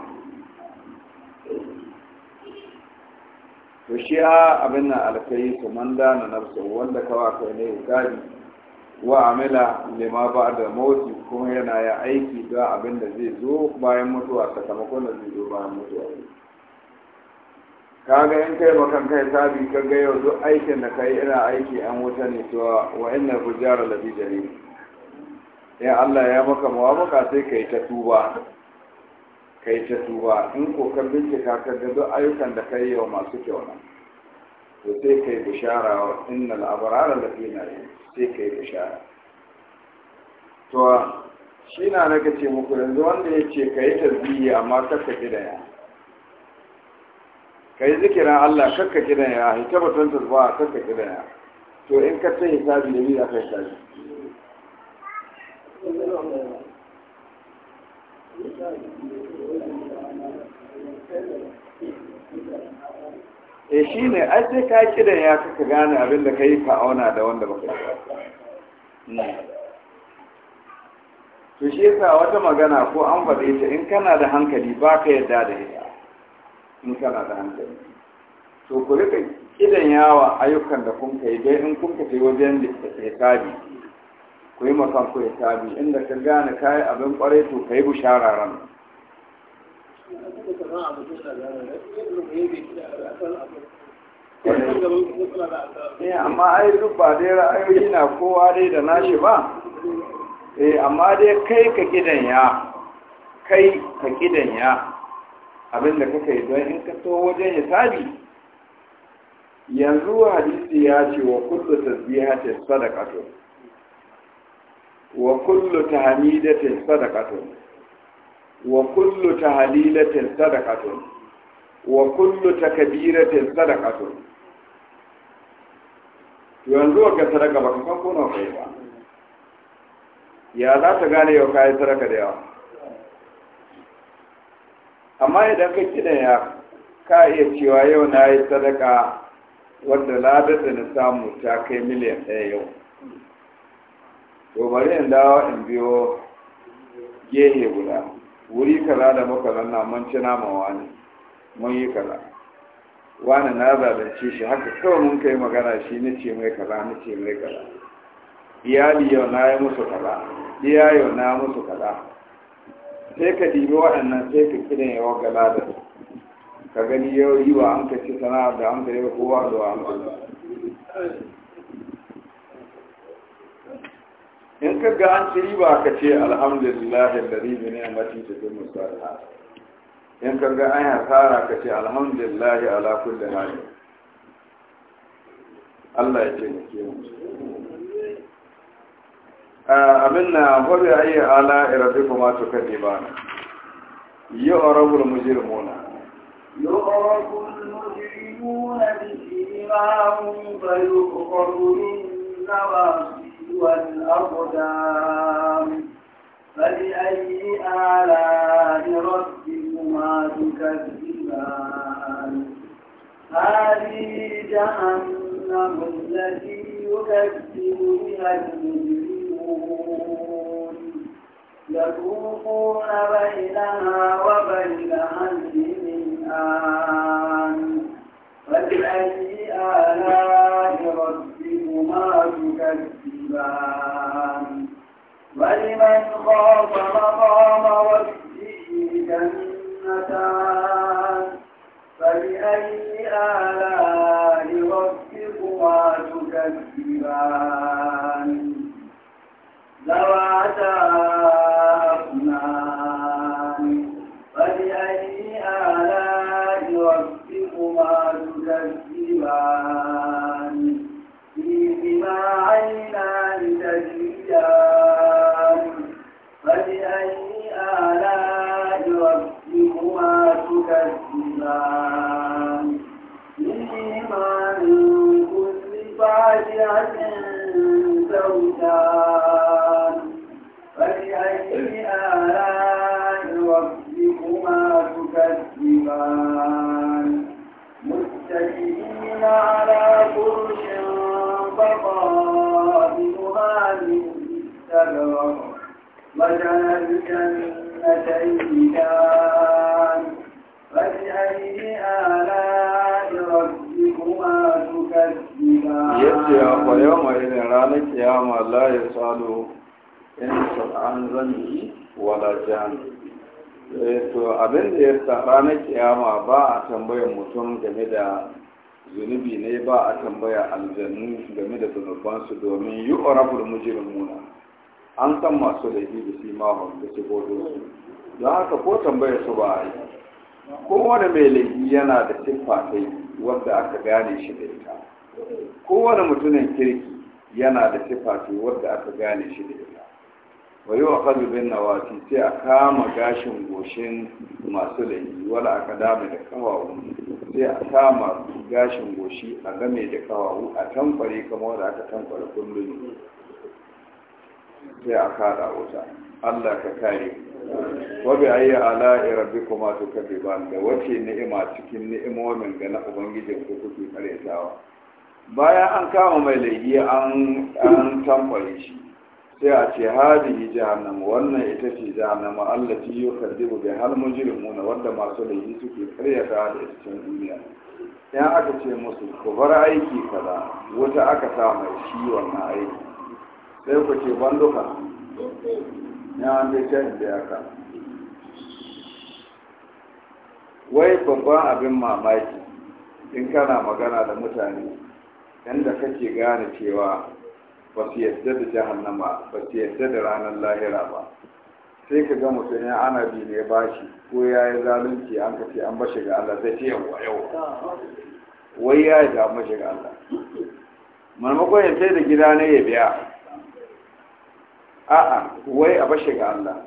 to shi a abin nan alkai su man dana nafsu wanda kawa kai ne hisabi wa amila lima ba da mawuti kuma yana ya aiki da abin da zai zo bayan mutuwa sakamakon da zai zo bayan mutuwa ga in kai makan kai sabi ka ga yau duk aikin da kai ina aiki an wuta ne to wa inna fujara labi jari ya Allah ya maka maka sai kai ta tuba kai ta tuba in ko ka bincika ka ga duk ayyukan da kai yau masu kyau nan to sai kai bishara wa innal abrara lafi yi, sai kai bishara to shi na naka ce muku yanzu wanda ya ce ka yi tasbihi amma kakka kidaya ka yi zikirin Allah kakka kidaya hita batun tasbaha kakka kidaya to in ka ta hisabi ne za ka hisabi Thank you. e shi ne ai sai ka kidan ya kaka gane abin da ka yi ka auna da wanda baka yi to shi yasa wata magana ko an faɗe ta in kana da hankali ba ka yarda da ita in kana da hankali to ku rika kidan yawa ayyukan da kun kai dai in kun kai wajen da hisabi ku yi makan ku hisabi inda ka gane kayi abin kwarai to ka yi bushara ran ne eh, amma ai duk ba dai ra'ayoyi na kowa dai da nashi ba eh amma dai kai ka ya, kai ka ya, abinda kaka yi don in ka to wajen hisabi yanzu hadisi ya ce wa kullu tasbihatin sadaqatun wa kullu tahmidatin sadaqatun wa kullu tahlilatin sadaqatun wa kullu takbiratin sadaqatun yanzu ka sadaka ba kan ko na kai ba ya za ta gane yau kai sadaka da yawa amma idan ka kida ya ka iya cewa yau na yi sadaka wanda ladar da na samu ta kai miliyan ɗaya yau to bari in dawo in biyo gehe guda wuri kaza da muka zanna mun ci nama wani mun yi kaza wani na zalunce shi haka kawai mun kai magana shi ni ce mai kaza ni ce mai kaza iyali yau na yi musu kaza iya yau na musu kaza sai ka dibi waɗannan sai ka kiran yawa gala da ka gani yau yi wa an ka ci sana'ar da an ka yi kowa da an ka in ka ga an ci riba ka ce alhamdulillah alladhi bi ni'mati tatimmu salihat in ka ga an hasara ka ce alhamdulillah ala kulle hali Allah ya ke mu abin na a yi ala irabikum ma tukadiban yu'rabu Yi mujrimuna yu'rabu al-mujrimuna bi imamihim fa yuqaru min nawasihim والأقدام فبأي آلاء ربكما تكذبان هذه جهنم التي يكذب بها المجرمون يطوفون بينها yu'raful muna an san masu laifi da simahun da sifofin su da haka ko tambaya su ba a yi kowane mai laifi yana da siffa sai aka gane shi da ita kowane mutumin kirki yana da siffa sai aka gane shi da ita wayo a kadu bin nawati sai a kama gashin goshin masu laifi wala aka dame da kawawu sai a kama gashin goshi a game da kawawu a tankware kamar da aka tankware kullum sai a kada wuta allah ka kare wabi ayi ala rabbi kuma da wace ni'ima cikin ni'imomin ga na ubangijin ku kuke karetawa bayan an kama mai laifi an an tamfare shi sai a ce hadihi jahannam wannan ita ce jahannam allati yukadzibu bi hal mujrimuna wanda masu laifi suke ta da cikin duniya In aka ce musu ku bar aiki kaza wata aka sa mai shi wannan aiki sai ku ce ban ka. ya an dai can da yaka wai babban abin mamaki in kana magana da mutane yanda kake gane cewa ba su yadda da jahannama ba su yadda da ranar lahira ba sai ka ga mutum ya ana bi ne bashi ko ya yi zalunci an ka ce an bashi ga Allah zai ce yawa yawa wai ya yi da an bashi ga Allah maimakon ya sai da gida ne ya biya a'a wai a bashi ga Allah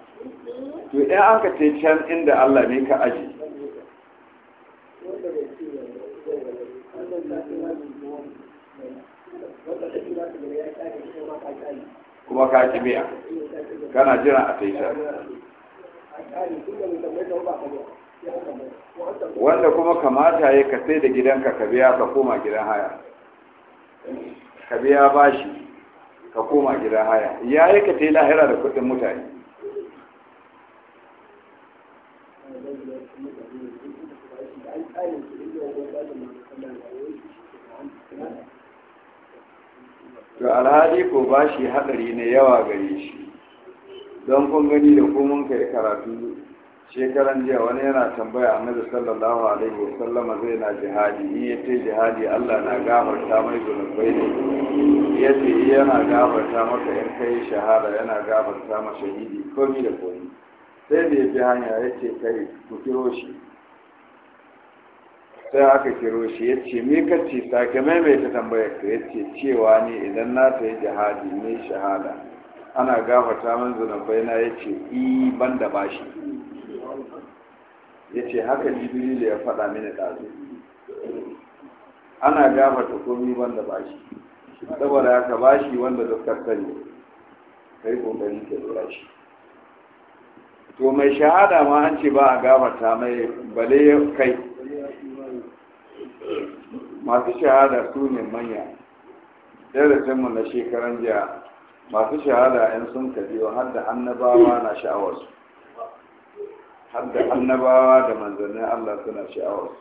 to in an ka ce can inda Allah ne ka aji kuma ka ki biya kana jira a taita wanda kuma kamata ya ka sai da gidanka ka biya ka koma gidan haya ka biya bashi ka koma gidan haya ya yi ka ta yi lahira da kudin mutane to alhali ko ba shi haɗari ne yawa gare shi don kun gani da mun kai karatu shekaran jiya wani yana tambaya annabi sallallahu alaihi wa sallama zai na jihadi in ya ce jihadi Allah na gafarta mai zunubai ne ya ce eh, yana gafarta maka in kai shahada yana gafarta ma shahidi komi da komi sai da ya bi hanya ya ce kai ku kiro shi sai aka kiro shi ya ce me ka ce sake maimaita tambayar ka ya ce cewa ne idan na ta yi jihadi ne shahada ana gafarta min zunubai na ya ce i ban da bashi ya ce haka da ya faɗa mini ɗazu ana gafarta komi ban da bashi saboda haka bashi wanda zakar sani kai kokari ke lura shi to mai shahada ma an ce ba a gafarta mai bale kai masu shahada su ne manya darasinmu na shekaran jiya masu shahada yan sun kabiyo har da annabawa na sha'awarsu har da annabawa da manzannin allah suna sha'awarsu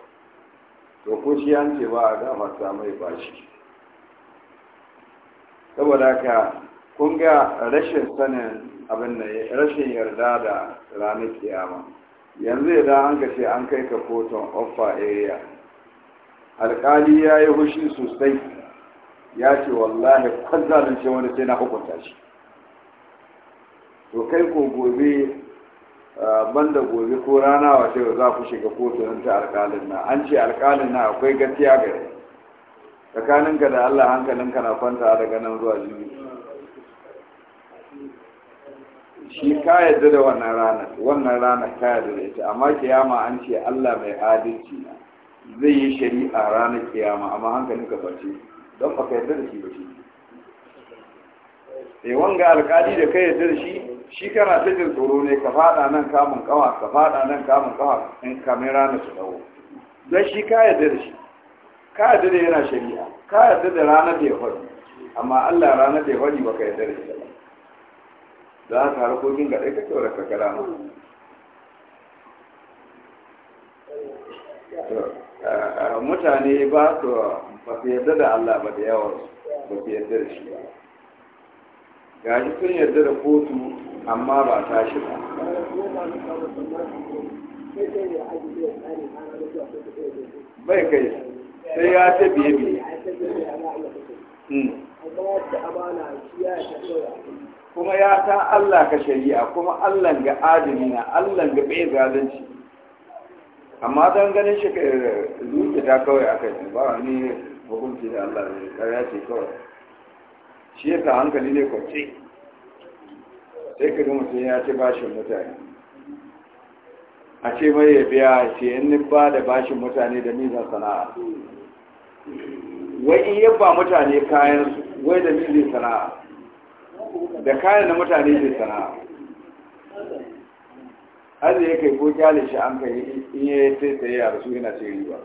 to ko shi an ce ba a gafarta mai bashi saboda ka kun ga rashin sanin abin da rashin yarda da ranar kiyama yanzu idan an ka ce an kai ka kotun offer area alƙali ya yi hushi sosai ya ce wallahi kwan zalunce wani sai na hukunta shi to kai ko gobe banda gobe ko rana wace za ku shiga nan ta alƙalin na an ce alƙalin na akwai gaskiya gare tsakaninka da allah hankalinka na kwanta daga nan zuwa jini shi ka yadda da wannan ranar wannan ranar ka yadda da ita amma kiyama an ce allah mai adalci na zai yi shari'a ranar kiyama amma hankali ka bace don baka yarda da shi ba shi eh wanga alkali da kai yarda da shi shi kana ta jin tsoro ne ka fada nan kamun kawa ka fada nan kamun kawa in kamera na su dawo don shi ka yarda da shi ka yarda da yana shari'a ka yarda da ranar da ya faru, amma Allah ranar da ya faru baka yarda da shi za ka harkokin ga ɗaya ka kyau da ka mutane ba su ba su yarda da Allah ba da yawa ba su yarda da shi ga shi sun yarda da kotu amma ba ta shi ba bai kai sai ya ce biye biye hmm. kuma ya ta Allah ka shari'a kuma Allah ga na Allah ga bai zalunci amma don ganin shi zuke ta kawai aka yi ba wani hukunci da Allah ne kare ce kawai shi ya ta hankali ne kwace sai ka ga mutum ya ce bashin mutane a ce mai ya biya ce in ba da bashin mutane da nizan sana'a wai in yabba mutane kayan wai da nizan sana'a da kayan da mutane ke sana'a arziki ya ko kyale shi an kai iya ya sai tsaye a rasu yana ce riba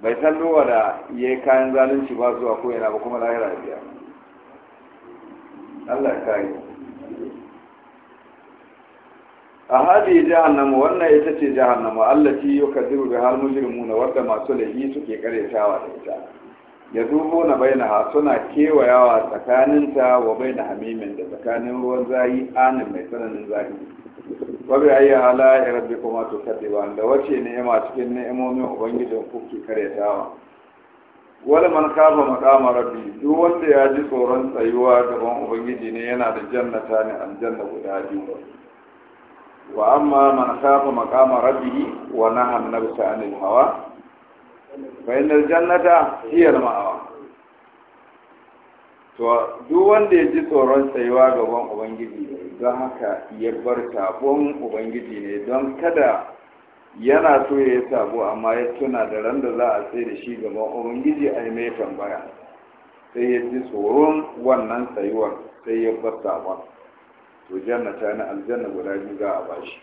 bai san lowa da ya yi kayan zalunci ba zuwa ko yana ba kuma lahira da biya Allah ya yi a hadi jahannama wannan ita ce jahannama allati yukadiru bi hal mujrimuna wadda masu lahi suke karyatawa da ita ya dubo na bainaha suna kewayawa tsakaninta wa baina hamimin da tsakanin ruwan zahi anin mai tsananin zahi wabi ayi ala ya rabbi kuma to ba, da wace ma cikin ni'imomin ubangijin kuke karyatawa wala man kafa maqama rabbi duk wanda ya ji tsoron tsayuwa gaban ubangiji ne yana da jannata ne aljanna guda biyu wa amma man kafa maqama rabbi wa na nafsa anil hawa Bainar jannata hiyar ma'awa to duk wanda ya ji tsoron tsayuwa gaban ubangiji don haka ya bar tabon ubangiji ne don kada yana so ya yi sabo amma ya tuna da ran da za a tsaye da shi gaban ubangiji a yi mai tambaya sai ya ji tsoron wannan tsayuwar sai ya bar sabon to jannata na aljanna guda biyu za a bashi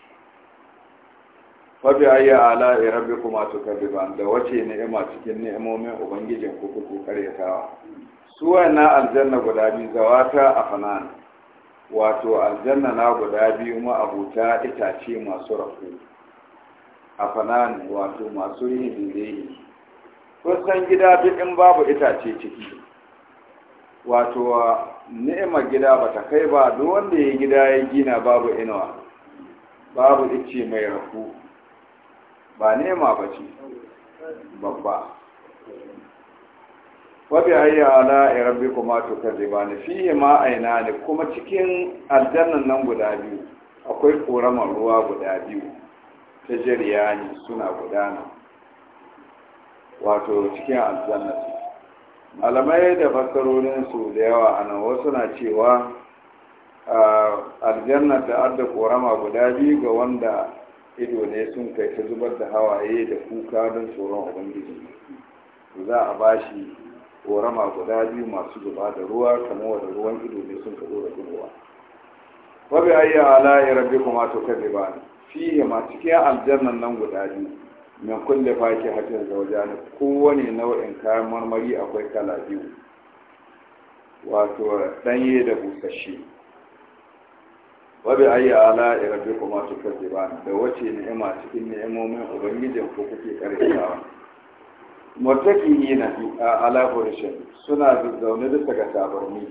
fabi ayi ala rabbi kuma to kadiban da wace ni'ima cikin ni'imomin ubangijin ku kuku karyatawa su wannan aljanna guda biyu zawata fanan wato aljanna na guda biyu ma abuta itace masu rafu fanan wato masu yin Kun san gida duk in babu itace ciki wato ni'ima gida ba ta kai ba duk wanda ya gida ya gina babu inuwa babu ice mai rafu ba nema ba ce babba wabi ayya ala irabbi kuma to kaziba ne fiye ma aina ne kuma cikin aljannan nan guda biyu akwai koraman ruwa guda biyu ta jariya ne suna gudana wato cikin aljannan malamai da su da yawa a nan wasu na cewa aljanna da adda korama guda biyu ga wanda ido ne sun kai ta zubar da hawaye da kuka don tsoron ubangiji za a ba shi korama guda biyu masu zuba da ruwa kamar wanda ruwan ido ne sun kaɗo da gudowa wabi ayya ala ya rabbi kuma to kaɗe ba fiye ma cikin aljannan nan guda biyu min kulle faki hatin zauja ne kowane nau'in kayan marmari akwai kala biyu wato ɗanye da busasshe wa bi ayi ala su ma ba da wace ni'ima cikin ni'imomin ubangijin ko kuke karyatawa mutakiyina ala furshin suna zaune bisa ga tabarni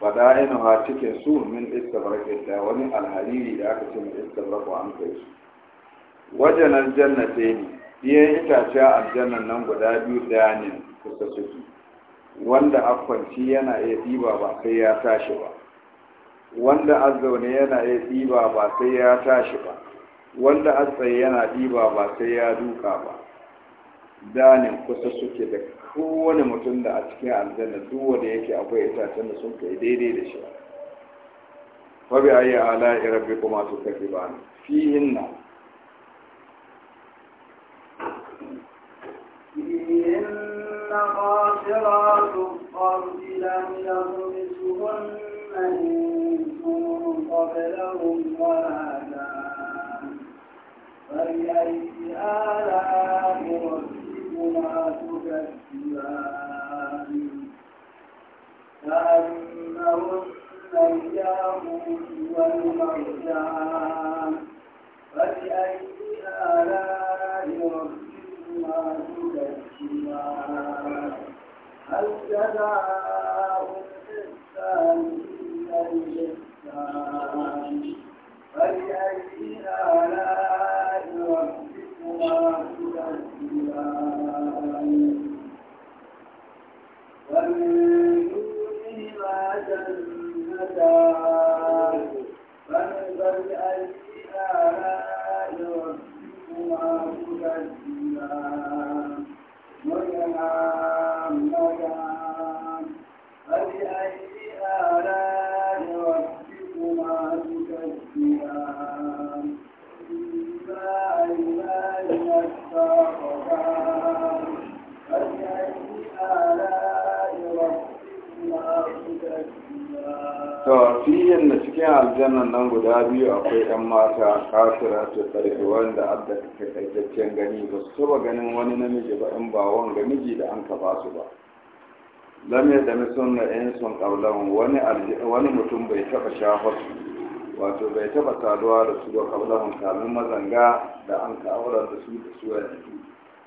ha cikin su min istabrakin da wani alhariri da aka ce mai an kai su wajen aljanna ta ne biyan itace aljannan nan guda biyu da yanin kusa suke wanda akwanci yana iya diba ba kai ya tashi ba wanda zaune yana ya ɗiba ba sai ya tashi ba wanda tsaye yana ɗiba ba sai ya duka ba danin kusa suke da kowane mutum da a cikin aljanna duk wanda yake akwai itacen da sun kai daidai da shi fa bi ayi ala rabbikuma tukazziban fihinna قاصرات الطرف لم يغمسهن قبلهم ولا دان فبأي آلاء ربكما تكذبان كأنهن الياقوت والمرجان فبأي آلاء ربكما تكذبان هل جزاء الإحسان إلا الجزاء فبأي آلاء to fiyin da cikin aljannan nan guda biyu akwai yan mata kafira ta tsarki wanda ta takaitaccen gani ba su taɓa ganin wani namiji ba in ba wanga miji da an ka ba su ba lam da dami na in sun ƙaunar wani mutum bai taɓa shafa su wato bai taɓa saduwa da su ba ƙaunar kamin mazanga da an ka aura da su da su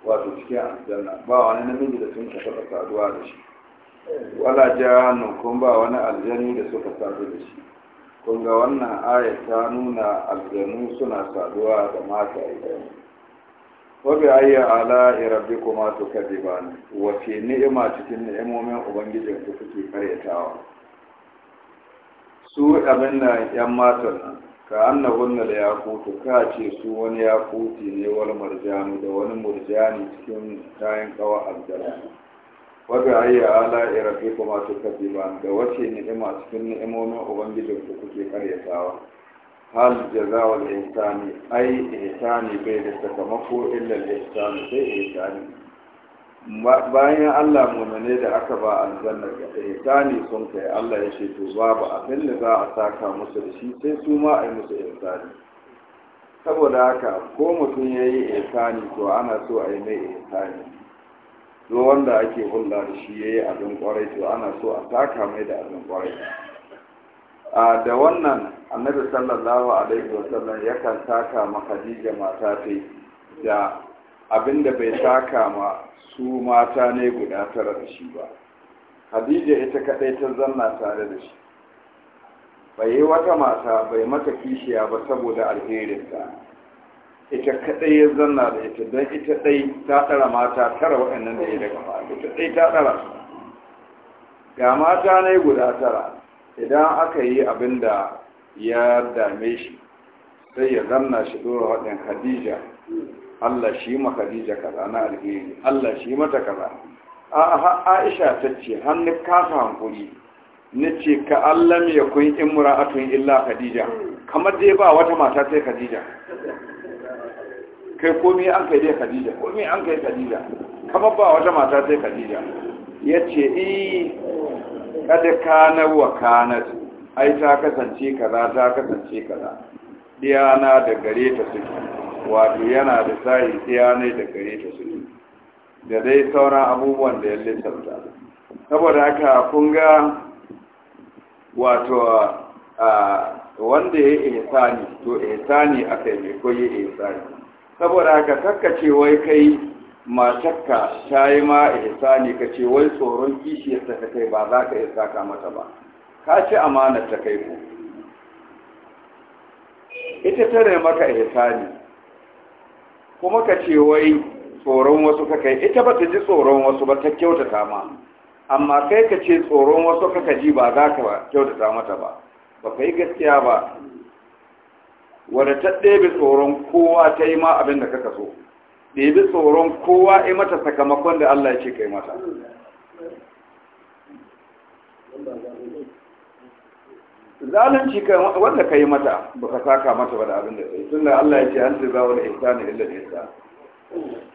wato cikin aljanna ba wani namiji da sun ka taɓa saduwa da shi wala jahannun kun ba wani aljanu da suka sadu da shi kun ga wannan ayat ta nuna aljanu suna saduwa da mata idan bi ayya ala irabbi kuma su kaji ba ni'ima cikin ni'imomin ubangijin ku suke karyatawa su abin da yan matan nan ka annahun da ya kutu ka ce su wani ya kuti ne wani murjani da wani murjani cikin kayan kawa aljanu waga ayya ala irafi kuma su kafi ba da wace ni'ima cikin ni'imomin ubangijin ku kuke karyatawa hal jazawal ihsani ai ihsani bai da sakamako illa ihsani sai ihsani bayan Allah mumane da aka ba aljanna ga ihsani sun kai Allah ya ce to babu abin da za a saka musu da shi sai su ma ai musu ihsani saboda haka ko mutum ya yi ihsani to ana so a yi mai ihsani duk wanda ake hulɗa da shi ya yi abin kwarai to ana so a taka mai da abin kwarai a da wannan annabi sallallahu alaihi wasallam yakan taka ma khadija mata ta da abin da bai taka ma su mata ne guda tara da shi ba khadija ita kadai ta zanna tare da shi bai yi wata mata bai mata kishiya ba saboda alherinta ita kadai ya zanna da ita don ita dai ta tsara mata tara waɗannan da ya daga ba ita dai ta tsara ga mata ne guda tara idan aka yi abin da ya dame shi sai ya zanna shi dora waɗin khadija Allah shi ma khadija kaza na alheri Allah shi mata kaza Aisha ta ce hannu kasa hankuri na ce ka Allah mai kun imra'atun illa khadija kamar dai ba wata mata sai khadija kai komai an kai dai khadija komai an kai khadija kamar ba wata mata sai khadija ya ce i eh, kada Kana wa kana ai ta kasance kaza ta kasance kaza diyana da gare ta suke wato yana da sahi diyanai da gare ta suke da dai sauran abubuwan da ya lissafta saboda haka kun ga wato a wanda ya ihsani to ihsani akai yi ko ihsani saboda haka kakka ce wai kai matakka ta yi ma ihsani ka ce wai tsoron kishiyarta ta kai ba za ka isa ka mata ba ka ce amanar ta kai ku ita tare maka ihsani kuma ka ce wai tsoron wasu ka kai ita ba ta ji tsoron wasu ba ta kyautata ma amma kai ka ce tsoron wasu ka ji ba za ka kyautata mata ba ba ka yi gaskiya ba wadda ta ɗebe tsoron kowa ta yi ma abin da kaka so ɗebe tsoron kowa yi mata sakamakon da Allah ya ce kai mata zalunci wanda ka yi mata ba ka saka mata ba da abin da sai tun da Allah ya ce an za wani ne illa ihsan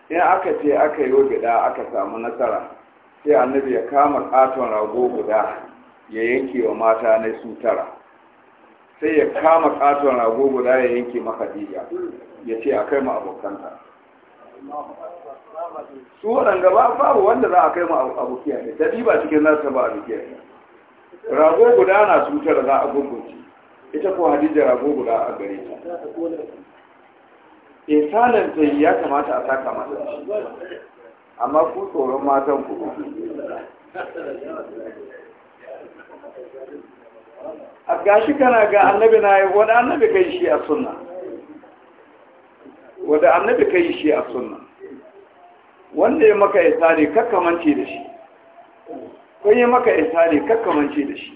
in aka ce aka yi gida aka samu nasara sai annabi ya kama katon rago guda ya yanke wa mata na su tara sai ya kama katon rago guda ya yanke maka diya ya ce a kai mu abokanta su waɗanda ba babu wanda za a kai mu abokiya ne ta ba cikin nasa ba ba abokiya ne rago guda na cutar da za a gungunci ita ko hadija rago guda a gare ta isanin eh, ta ya kamata a saka mata amma ku tsoron matan ku a gashi kana ga annabi na yi wadda annabi kai shi a sunna wadda annabi kai shi a sunna wanda ya maka isari kakkamanci da shi kun yi maka isari kakkamanci da shi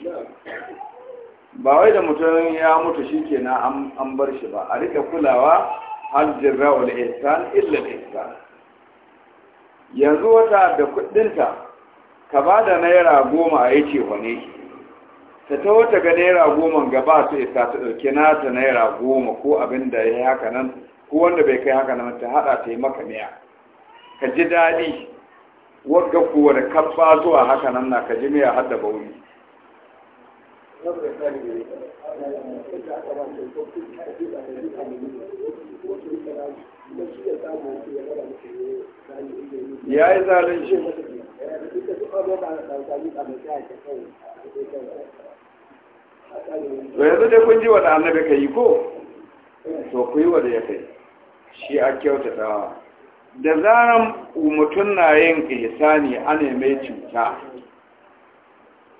ba wai da mutum ya mutu shi ke na an bar shi ba a rika kulawa har rawar isan ihsan illa yanzu wata da kuɗinta ka ba da naira goma a yi ce wane shi ta ta ta ga naira goma ga ba su isa ta ɗauki nata naira goma ko abin da ya yi haka nan ko wanda bai kai haka nan ta haɗa ta yi maka miya ka ji daɗi wadda kuwa da kabba zuwa haka nan na ka ji miya har da ya yi zalunci to yanzu dai kun ji wa da annabi ka yi ko to ku yi wa da ya kai shi a kyautatawa da zaran mutum na yin ihsani ana mai cuta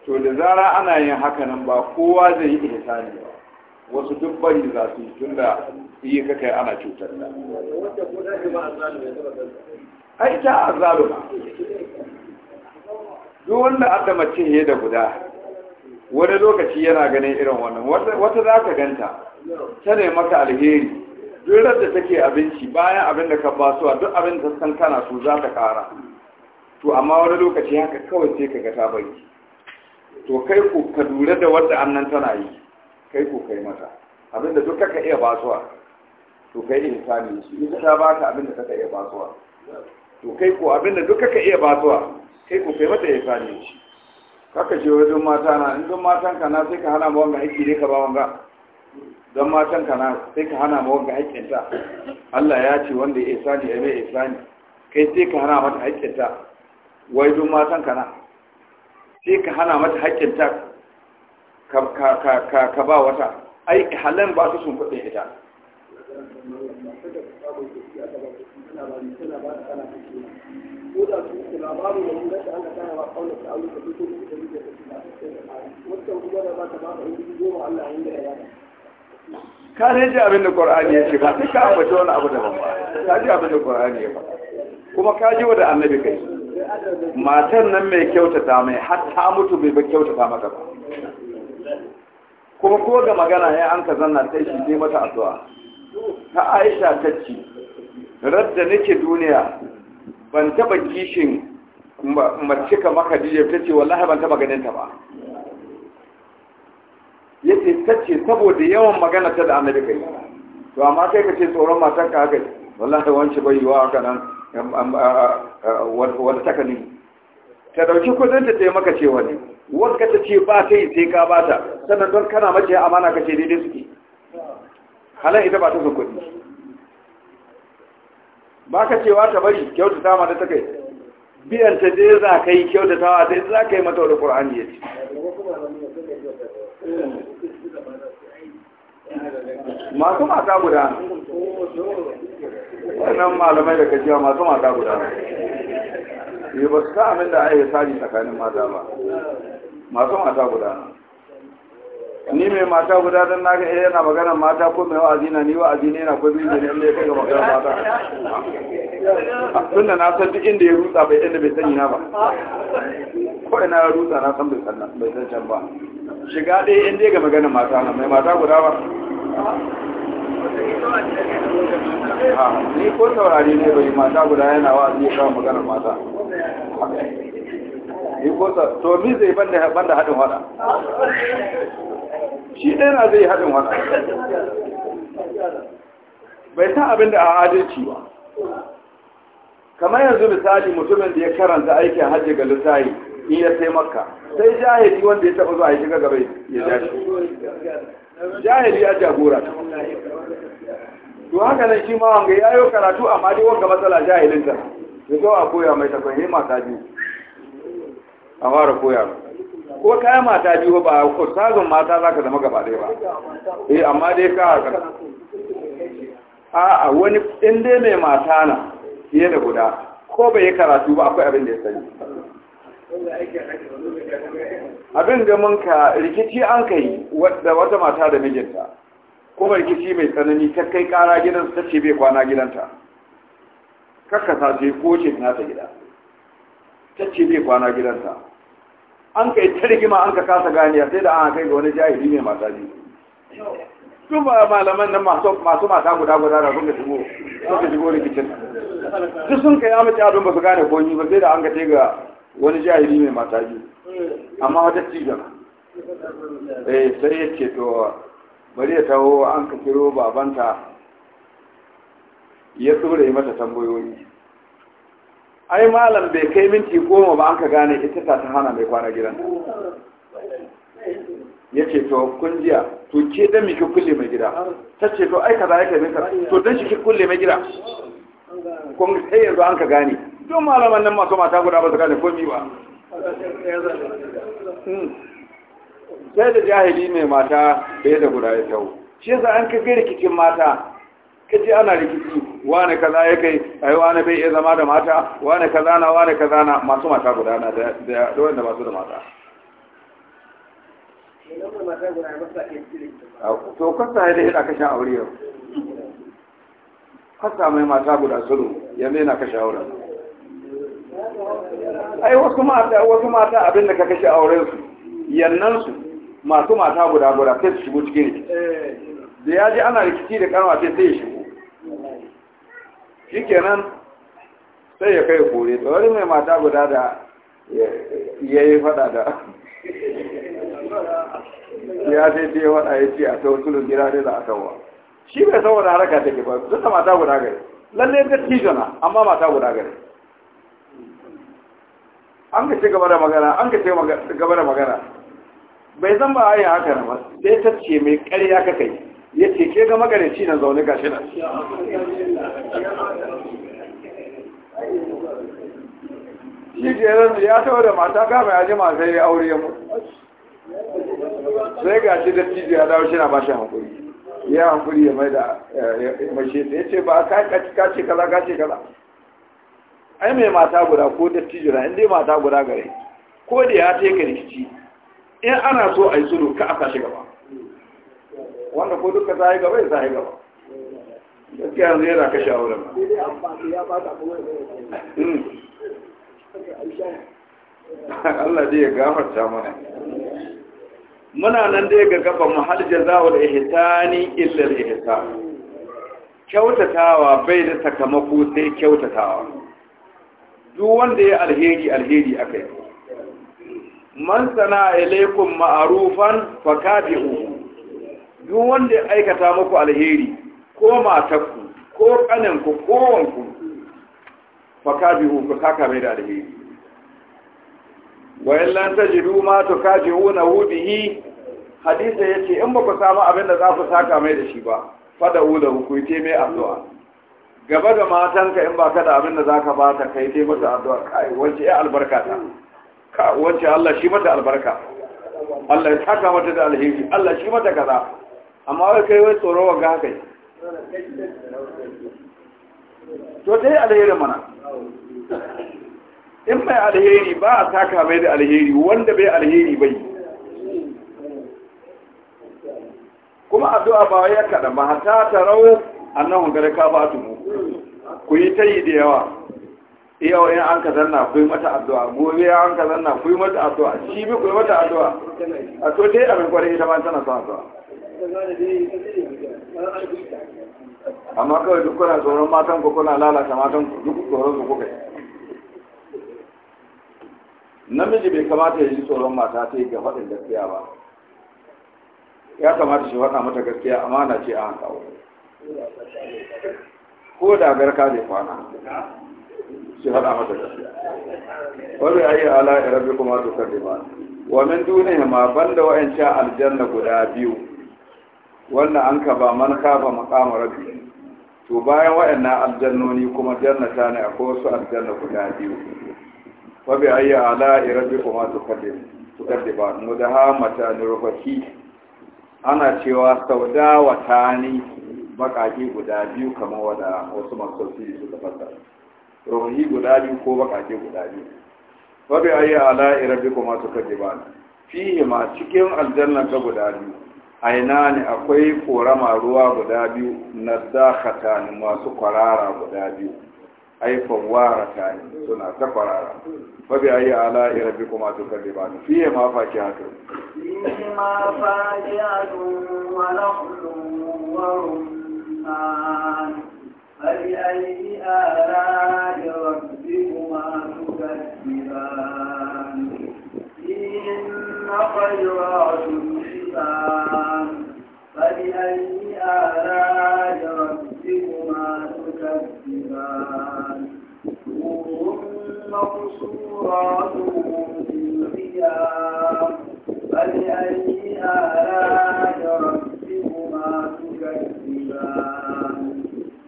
to da zara ana yin hakanan ba kowa zai yi ihsani ba wasu duk bari za su yi tun da yi ka kai ana cutar da ai ta azaluma duk wanda adda mace da guda wani lokaci yana ganin irin wannan wata za ka ganta ta ne maka alheri duk da take abinci bayan abin da ka ba su duk abin da san kana su za ta kara to amma wani lokaci haka kawai sai ka ga ta bari to kai ku ka lura da wanda annan tana yi kai ku kai mata abin da duk ka iya ba su to kai in insani su in ta baka abin da ka iya su to kai ku abin da duk ka iya ba su kai ku kai mata insani shi kaka ce don mata na in don matan ka na sai ka hana ma ga haƙƙi ne ka ba wanga don matan ka na sai ka hana ma wanga haƙƙinta Allah ya ce wanda ya isa ne ya mai isa ne kai sai ka hana mata haƙƙinta wai don matan ka na sai ka hana mata haƙƙinta ka ba wata ai halan ba su sun kuɗin ita ko ta ka yi ne ji abin da Qur'ani ya ce ba sai ka ambaci wani abu daban ba ka ji abin da Qur'ani ya faɗa kuma ka ji wanda annabi kai matan nan mai kyautata mai har ta mutu bai ba kyautata maka ba kuma ko ga magana ya an ka zanna sai shi ne mata addu'a ta Aisha ta ce radda nake duniya ban taba kishin mace maka Khadija ta ce wallahi ban taba ganin ta ba ce ta ce saboda yawan magana ta da annabi kai to amma kai ka ce tsoron matan ka haka wallahi wance bai yiwa haka nan wani takani ta dauki kudin ta taimaka maka cewa ne wanka ta ce ba ta yi sai ka ba ta sannan don kana mace amana ka ce daidai suke halan ita ba ta son kudi ba ka cewa ta bari kyautata mata ta kai biyan ta je za ka yi kyautatawa sai za ka yi mata wani ƙur'ani ya ce masu mata guda wannan malamai da kajiya masu mata guda yi ba su ta abin da a yi sani tsakanin mata ba masu mata guda ni mai mata guda don na ga eh, yana magana mata ko mai wa'azi na ni wa'azi ne na kwabi da ne ya kai ga magana mata da na san duk inda ya rutsa bai inda bai sani ba ko ina ya rutsa na san bai san bai san can ba shiga ɗaya inda ga magana mata na mai mata guda ba ni ko saurari ne bai mata guda yana wa'azi ya kawo magana mata ni ko to mi zai banda banda hadin wada shi ɗaya na zai haɗin wani bai san abin da a adalci ba kamar yanzu misali mutumin da ya karanta aikin hajji ga lissahi in ya sai makka sai jahidi wanda ya taɓa zuwa ya shiga gaba ya ja shi jahili ya jagora to haka nan shi ma wanga ya yi karatu amma dai wanga matsala jahilin ta ya zo a koya mai takwai ne ta biyu a fara koya ko kaya mata biyu ba ustazin mata za ka zama gaba ɗaya ba eh amma dai ka a a'a wani in dai mai mata na fiye da guda ko bai yi karatu ba akwai abin da ya sani abin da mun ka rikici an kai da wata mata da mijinta kuma rikici mai tsanani ta kai kara gidan ta ce bai kwana gidanta kakkasa ce ko ce ta gida ta ce bai kwana gidanta an yi ta rigima an ka kasa ganiya sai da an kai ga wani jahili ne mata biyu tun ba malaman nan masu mata guda guda da sun ka shigo sun ka shigo rikicin su sun kai ci abin ba su gane koni ba sai da an ka ce ga wani jahili ne mata biyu amma wata cijana eh sai ya ce to bari ya taho an ka kiro babanta ya tsore mata tambayoyi ai malam bai kai minti goma ba an ka gane ita ta hana mai kwana gidan ya ce to kun jiya to ke dan miki kulle mai gida ta ce to ai kaza yake minka to dan shi ki kulle mai gida kun sai yanzu an ka gane don malaman nan masu mata guda ba su gane komi ba hmm. sai da jahili mai mata da da guda ya tau shi yasa an ka ga rikicin mata kace ana rikici wane kaza ya kai ai wane bai iya zama da mata wane kaza na wane kaza na masu mata guda na da da wanda masu da mata to kasa ya da hida kashin aure yau kasa mai mata guda sulu yanzu yana kashe aure. ai wasu mata wasu mata abin da ka kashe auren su yannan su masu mata guda guda sai su shigo cikin rikici da ya ji ana rikici da karwa sai sai ya shigo shikenan sai ya kai kore da wani mai mata guda da ya yi fada da ya sai ce wada ya ce a sau tulun gida ne da a sauwa shi bai sauwa da haraka take ba duk da mata guda gari lalle ga tijona amma mata guda gari an ka ce gaba da magana an ka ce gaba da magana bai zan ba a yi haka na masu sai ta ce mai karya ka kai ya ce ke ga magana shi na zaune ga shi na shi jeron da ya tawo da mata kama ya jima sai ya aure ya sai ga shi da cibi ya dawo shi na bashi hankuri ya hankuri ya mai da mace ta ya ce ba ka ka ce kaza ka ce kaza ai mai mata guda ko da tijira in dai mata guda gare ko da ya ta ka rikici in ana so a yi sulhu ka a sashi gaba wanda ko duka za yi gaba ya za yi gaba gaskiya yanzu yana kashe hmm. Allah dai ya gafarta mana muna nan dai ga gaba har jazawar ihsani illa al ihsan kyautatawa bai da sakamako sai kyautatawa duk wanda ya alheri alheri akai man sana ilaikum ma'rufan fakabihu duk wanda ya aikata muku alheri ko matakku ko kaninku ko wanku fakabihu ku saka mai da alheri wa illan tajidu ma tukajihuna bihi hadisa ce in ba ku samu abin da za ku saka mai da shi ba fada ula ku yi mai addu'a gaba da matanka in ba ka da abin da za ka bata kai te mata addu'a kai wacce ya albarka ta ka Allah shi mata albarka Allah ya saka mata da alheri Allah shi mata kaza amma wai kai wai tsoro wa ga kai to dai alheri mana in mai alheri ba a taka mai da alheri wanda bai alheri bai kuma addu'a ba ya kada ba hata ta rawo annahu gare ka ba mu ku yi tayi da yawa iya wa in an ka zanna ku yi mata addu'a gobe ya an ka zanna ku yi mata addu'a shi bi ku yi mata addu'a a to dai abin kwarai ita ma tana sa addu'a amma kawai duk kuna tsoron matan ku kuna lalata matan ku duk tsoron su kuka namiji bai kamata ya ji tsoron mata ta yi ga faɗin gaskiya ba ya kamata shi faɗa mata gaskiya amma na ce a hankali. ko da garka zai kwana shi faɗa mata gaskiya wani ayi ala rabbi kuma tukar da ba wa min duniya ma banda wa'ancan aljanna guda biyu wannan an ka ba man ka ba maqama rabbi to bayan wayannan aljannoni kuma jannata ne akwai wasu aljanna guda biyu fa bi ayyi ala rabbikum tukaddim tukaddiba mudahamata rubaki ana cewa wa Tani baƙaƙe guda biyu kamar wada wasu masu su suka fasa rohi guda biyu ko baƙaƙe guda biyu fa bi ayyi ala rabbikum tukaddiba fihi ma cikin aljanna ga guda biyu aina ne akwai korama ruwa guda biyu na dakata ne masu kwarara guda biyu aifan wara ta ne suna ta kwarara fabi ayi ala irabi kuma to kalli ba fiye ma faki haka ma faki haka wa lahum wa rumman fabi ayi ala irabi kuma to kalli ba in الحسان فبأي آلاء ربكما تكذبان حور مقصورات في الخيام فبأي آلاء ربكما تكذبان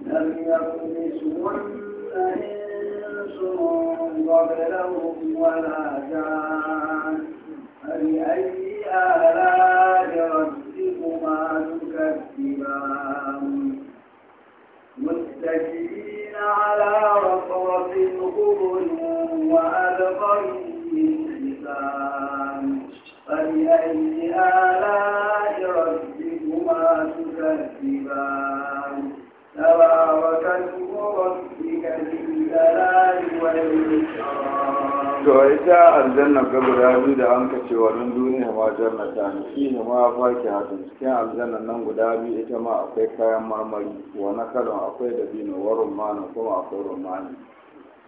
لم يطمسهن إنس قبلهم ولا جان فبأي آلاء ita aljanna ga guda biyu da an kace wa nan duniya ma ta ne shi ne ma faki hatun cikin aljanna nan guda biyu ita ma akwai kayan marmari wa kalon akwai dabino wa rummanin kuma akwai rummani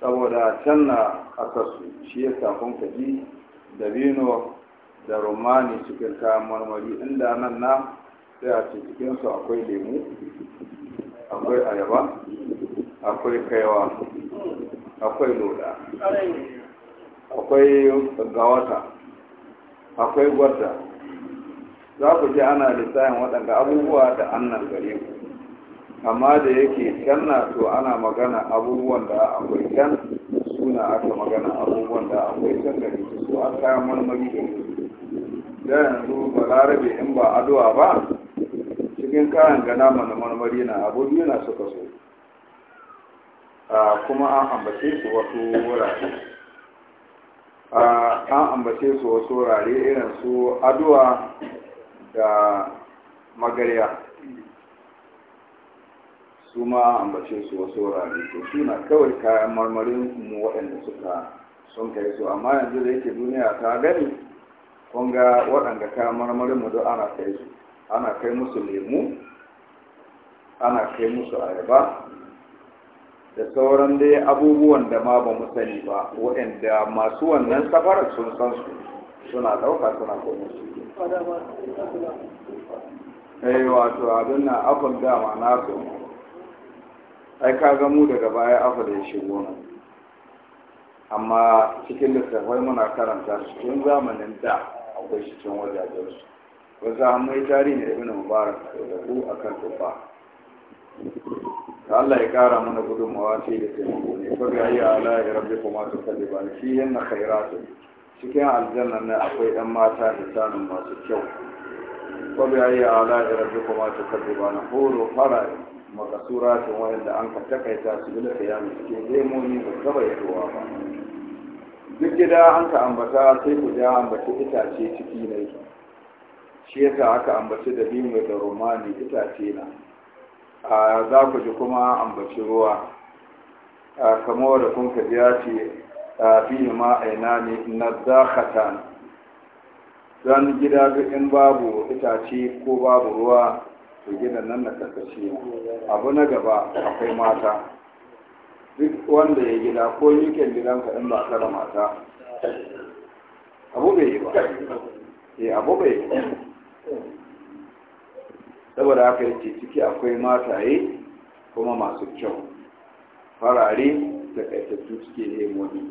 saboda can na akasu shi ya safin kaji dabino da rumani cikin kayan marmari inda nan na sai a ce cikinsu akwai lemu akwai ayaba akwai kaiwa akwai loda akwai gawata akwai gwata za ku ce ana lissayin waɗanda abubuwa da annan gare ku amma da yake can na to ana magana abubuwan da akwai can suna aka magana abubuwan da akwai can gare ku su an kayan marmari da ku da yanzu balarabe in ba addu'a ba cikin kayan gana mana marmari na abubuwa biyu suka so ah, kuma an ambace su wasu wurare an ambace su wasu wurare irin su aduwa da magarya su ma ambace su wasu wurare to su na kawai kayan marmarin mu waɗanda suka sun kai su amma yanzu da yake duniya ta gani kun ga waɗanda kayan marmarin mu duk ana kai su ana kai musu lemu ana kai musu ayaba da sauran dai abubuwan da ma ba mu sani ba waɗanda masu wannan safarar sun san su suna ɗauka suna komo su yi wato abin nan afon dama na so ai ka ga daga baya afa da ya shigo nan amma cikin littattafai muna karanta cikin zamanin da akwai shi cikin wajajen su wasu an mai tarihi da ibn mubarak da ku akan tufa Allah ya kara mana gudunmawa ce da taimako ne fa ga ya ala ya rabbi kuma ta kadiba shi yana khairatu cikin aljanna ne akwai yan mata da sanin masu kyau fa ga ya ala ya rabbi kuma ta kadiba na horo fara wani da an ka takaita su bila kiyami cikin lemoni ba taba yaduwa ba duk gida an ka ambata sai ku ja ambaci itace ciki ne shi yasa aka ambaci da bimu da romani itace na za ku ji kuma ambaci ruwa kamar da kun kaji ya ce fi ma aina ne na zakatan don gida in babu itace ko babu ruwa to gida nan na karkashi abu na gaba akwai mata duk wanda ya gida ko gidan gidanka in ba ka da mata abu bai yi ba eh abu bai yi saboda haka yake ciki akwai mataye kuma masu kyau farare da kaitattu suke nemoni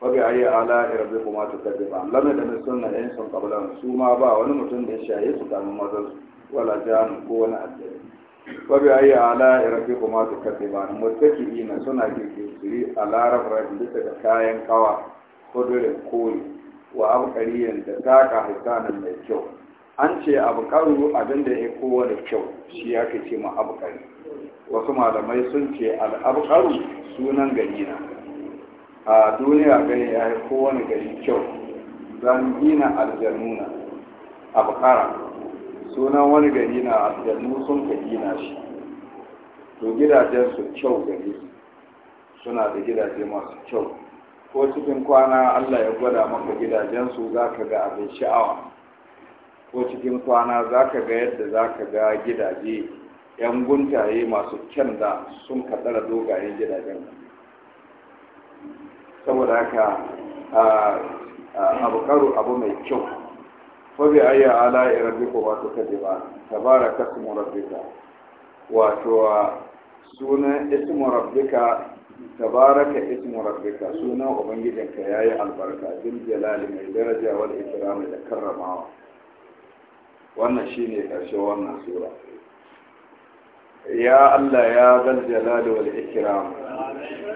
wabi a yi ala rabbi kuma ta tabi ba lamme da na sunna yan sun kabila su ma ba wani mutum da ya shaye su damu mazan wala janu ko wani addini wabi a yi ala irbe kuma ta tabi ba mutaki ina suna kiri a larabar bisa ga kayan kawa ko dole koli wa kariyan da taka hisanin mai kyau an ce abkaru abin da ya kowa da kyau shi ya ka ce ma abkari wasu malamai sun ce al'abkaru sunan gari na a duniya gani ya yi da gari kyau zan gina abu abkara sunan wani gari na aljanu sun ka gina shi to gidajen su kyau gari suna da gidaje masu kyau ko cikin kwana allah ya gwada maka gidajen su za ka ga abin sha'awa ko cikin kwana za ka ga yadda za ka ga gidaje yan guntaye masu kyan da sun kaɗara dogayen gidajen saboda haka abu karo abu mai kyau fabi ayya ala ba wa tukadiba tabaraka ismu rabbika wato sunan ismu rabbika tabaraka ismu rabbika sunan ubangijinka yayi albarka jin jalali mai daraja wal ikram da karramawa wannan shine ƙarshen wannan sura يا الله يا ذا الجلال والإكرام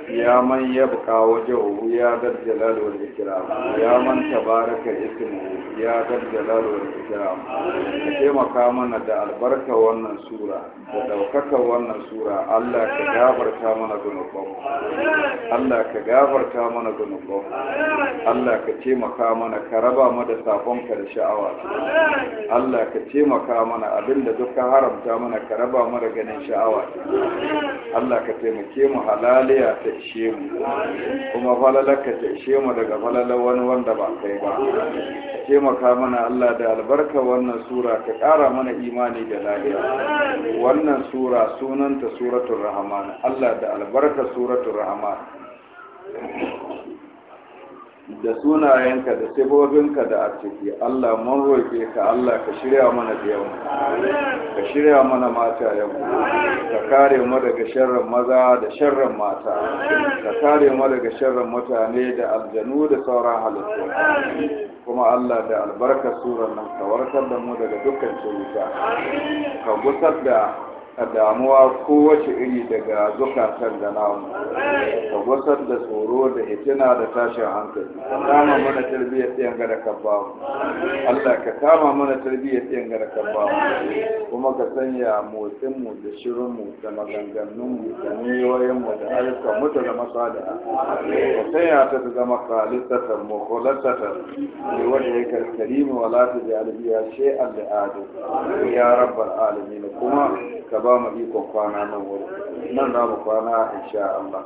يا من يبقى وجهه يا ذا الجلال والإكرام يا من تبارك اسمه يا ذا الجلال والإكرام كما كامنا دا البركة وانا سورة ودوكك وانا سورة الله كجابر كامنا بنقوم الله كجابر كامنا بنقوم الله كتيما كامنا كربا مدى سافون كرشاوات الله كتيما كامنا أبن دوكا هرم كامنا كربا مدى sha'awa Allah ka taimake mu halaliya ta ishe mu kuma falalaka ta ishe mu daga falalar wani wanda ba kai ba taimaka mana Allah da albarka wannan sura ka ƙara mana imani da lafiya wannan sura sunanta suratul rahman Allah da albarka suratul rahman da sunayenka da sabobinka da arziki Allah mun roƙe ka Allah ka shirya mana yau ka shirya mana mata yau ka kare mu daga sharrin maza da sharrin mata ka kare mu daga sharrin mutane da aljanu da sauran halittu kuma Allah da albarkar surar nan ka warkar da mu daga dukkan cuta ka gusar da Ka damuwa kowace iri daga zukatan da namu ka gusar da tsoro da hitina da tashin hankali ka kama mana tarbiyyar tsayin gada ka ba mu Allah ka kama mana tarbiyyar tsayin gada ka ba mu kuma ka sanya motsin mu da shirin mu da maganganun mu da niyoyin mu da harkar mu da zama sada'a ka sanya ta ta zama khalisatar mu ko lantatar ne wanda ya karkari mu wala ta ji albiya da adu ya rabbal alamin kuma ka ba mu ikon kwana nan wuri nan za mu kwana insha Allah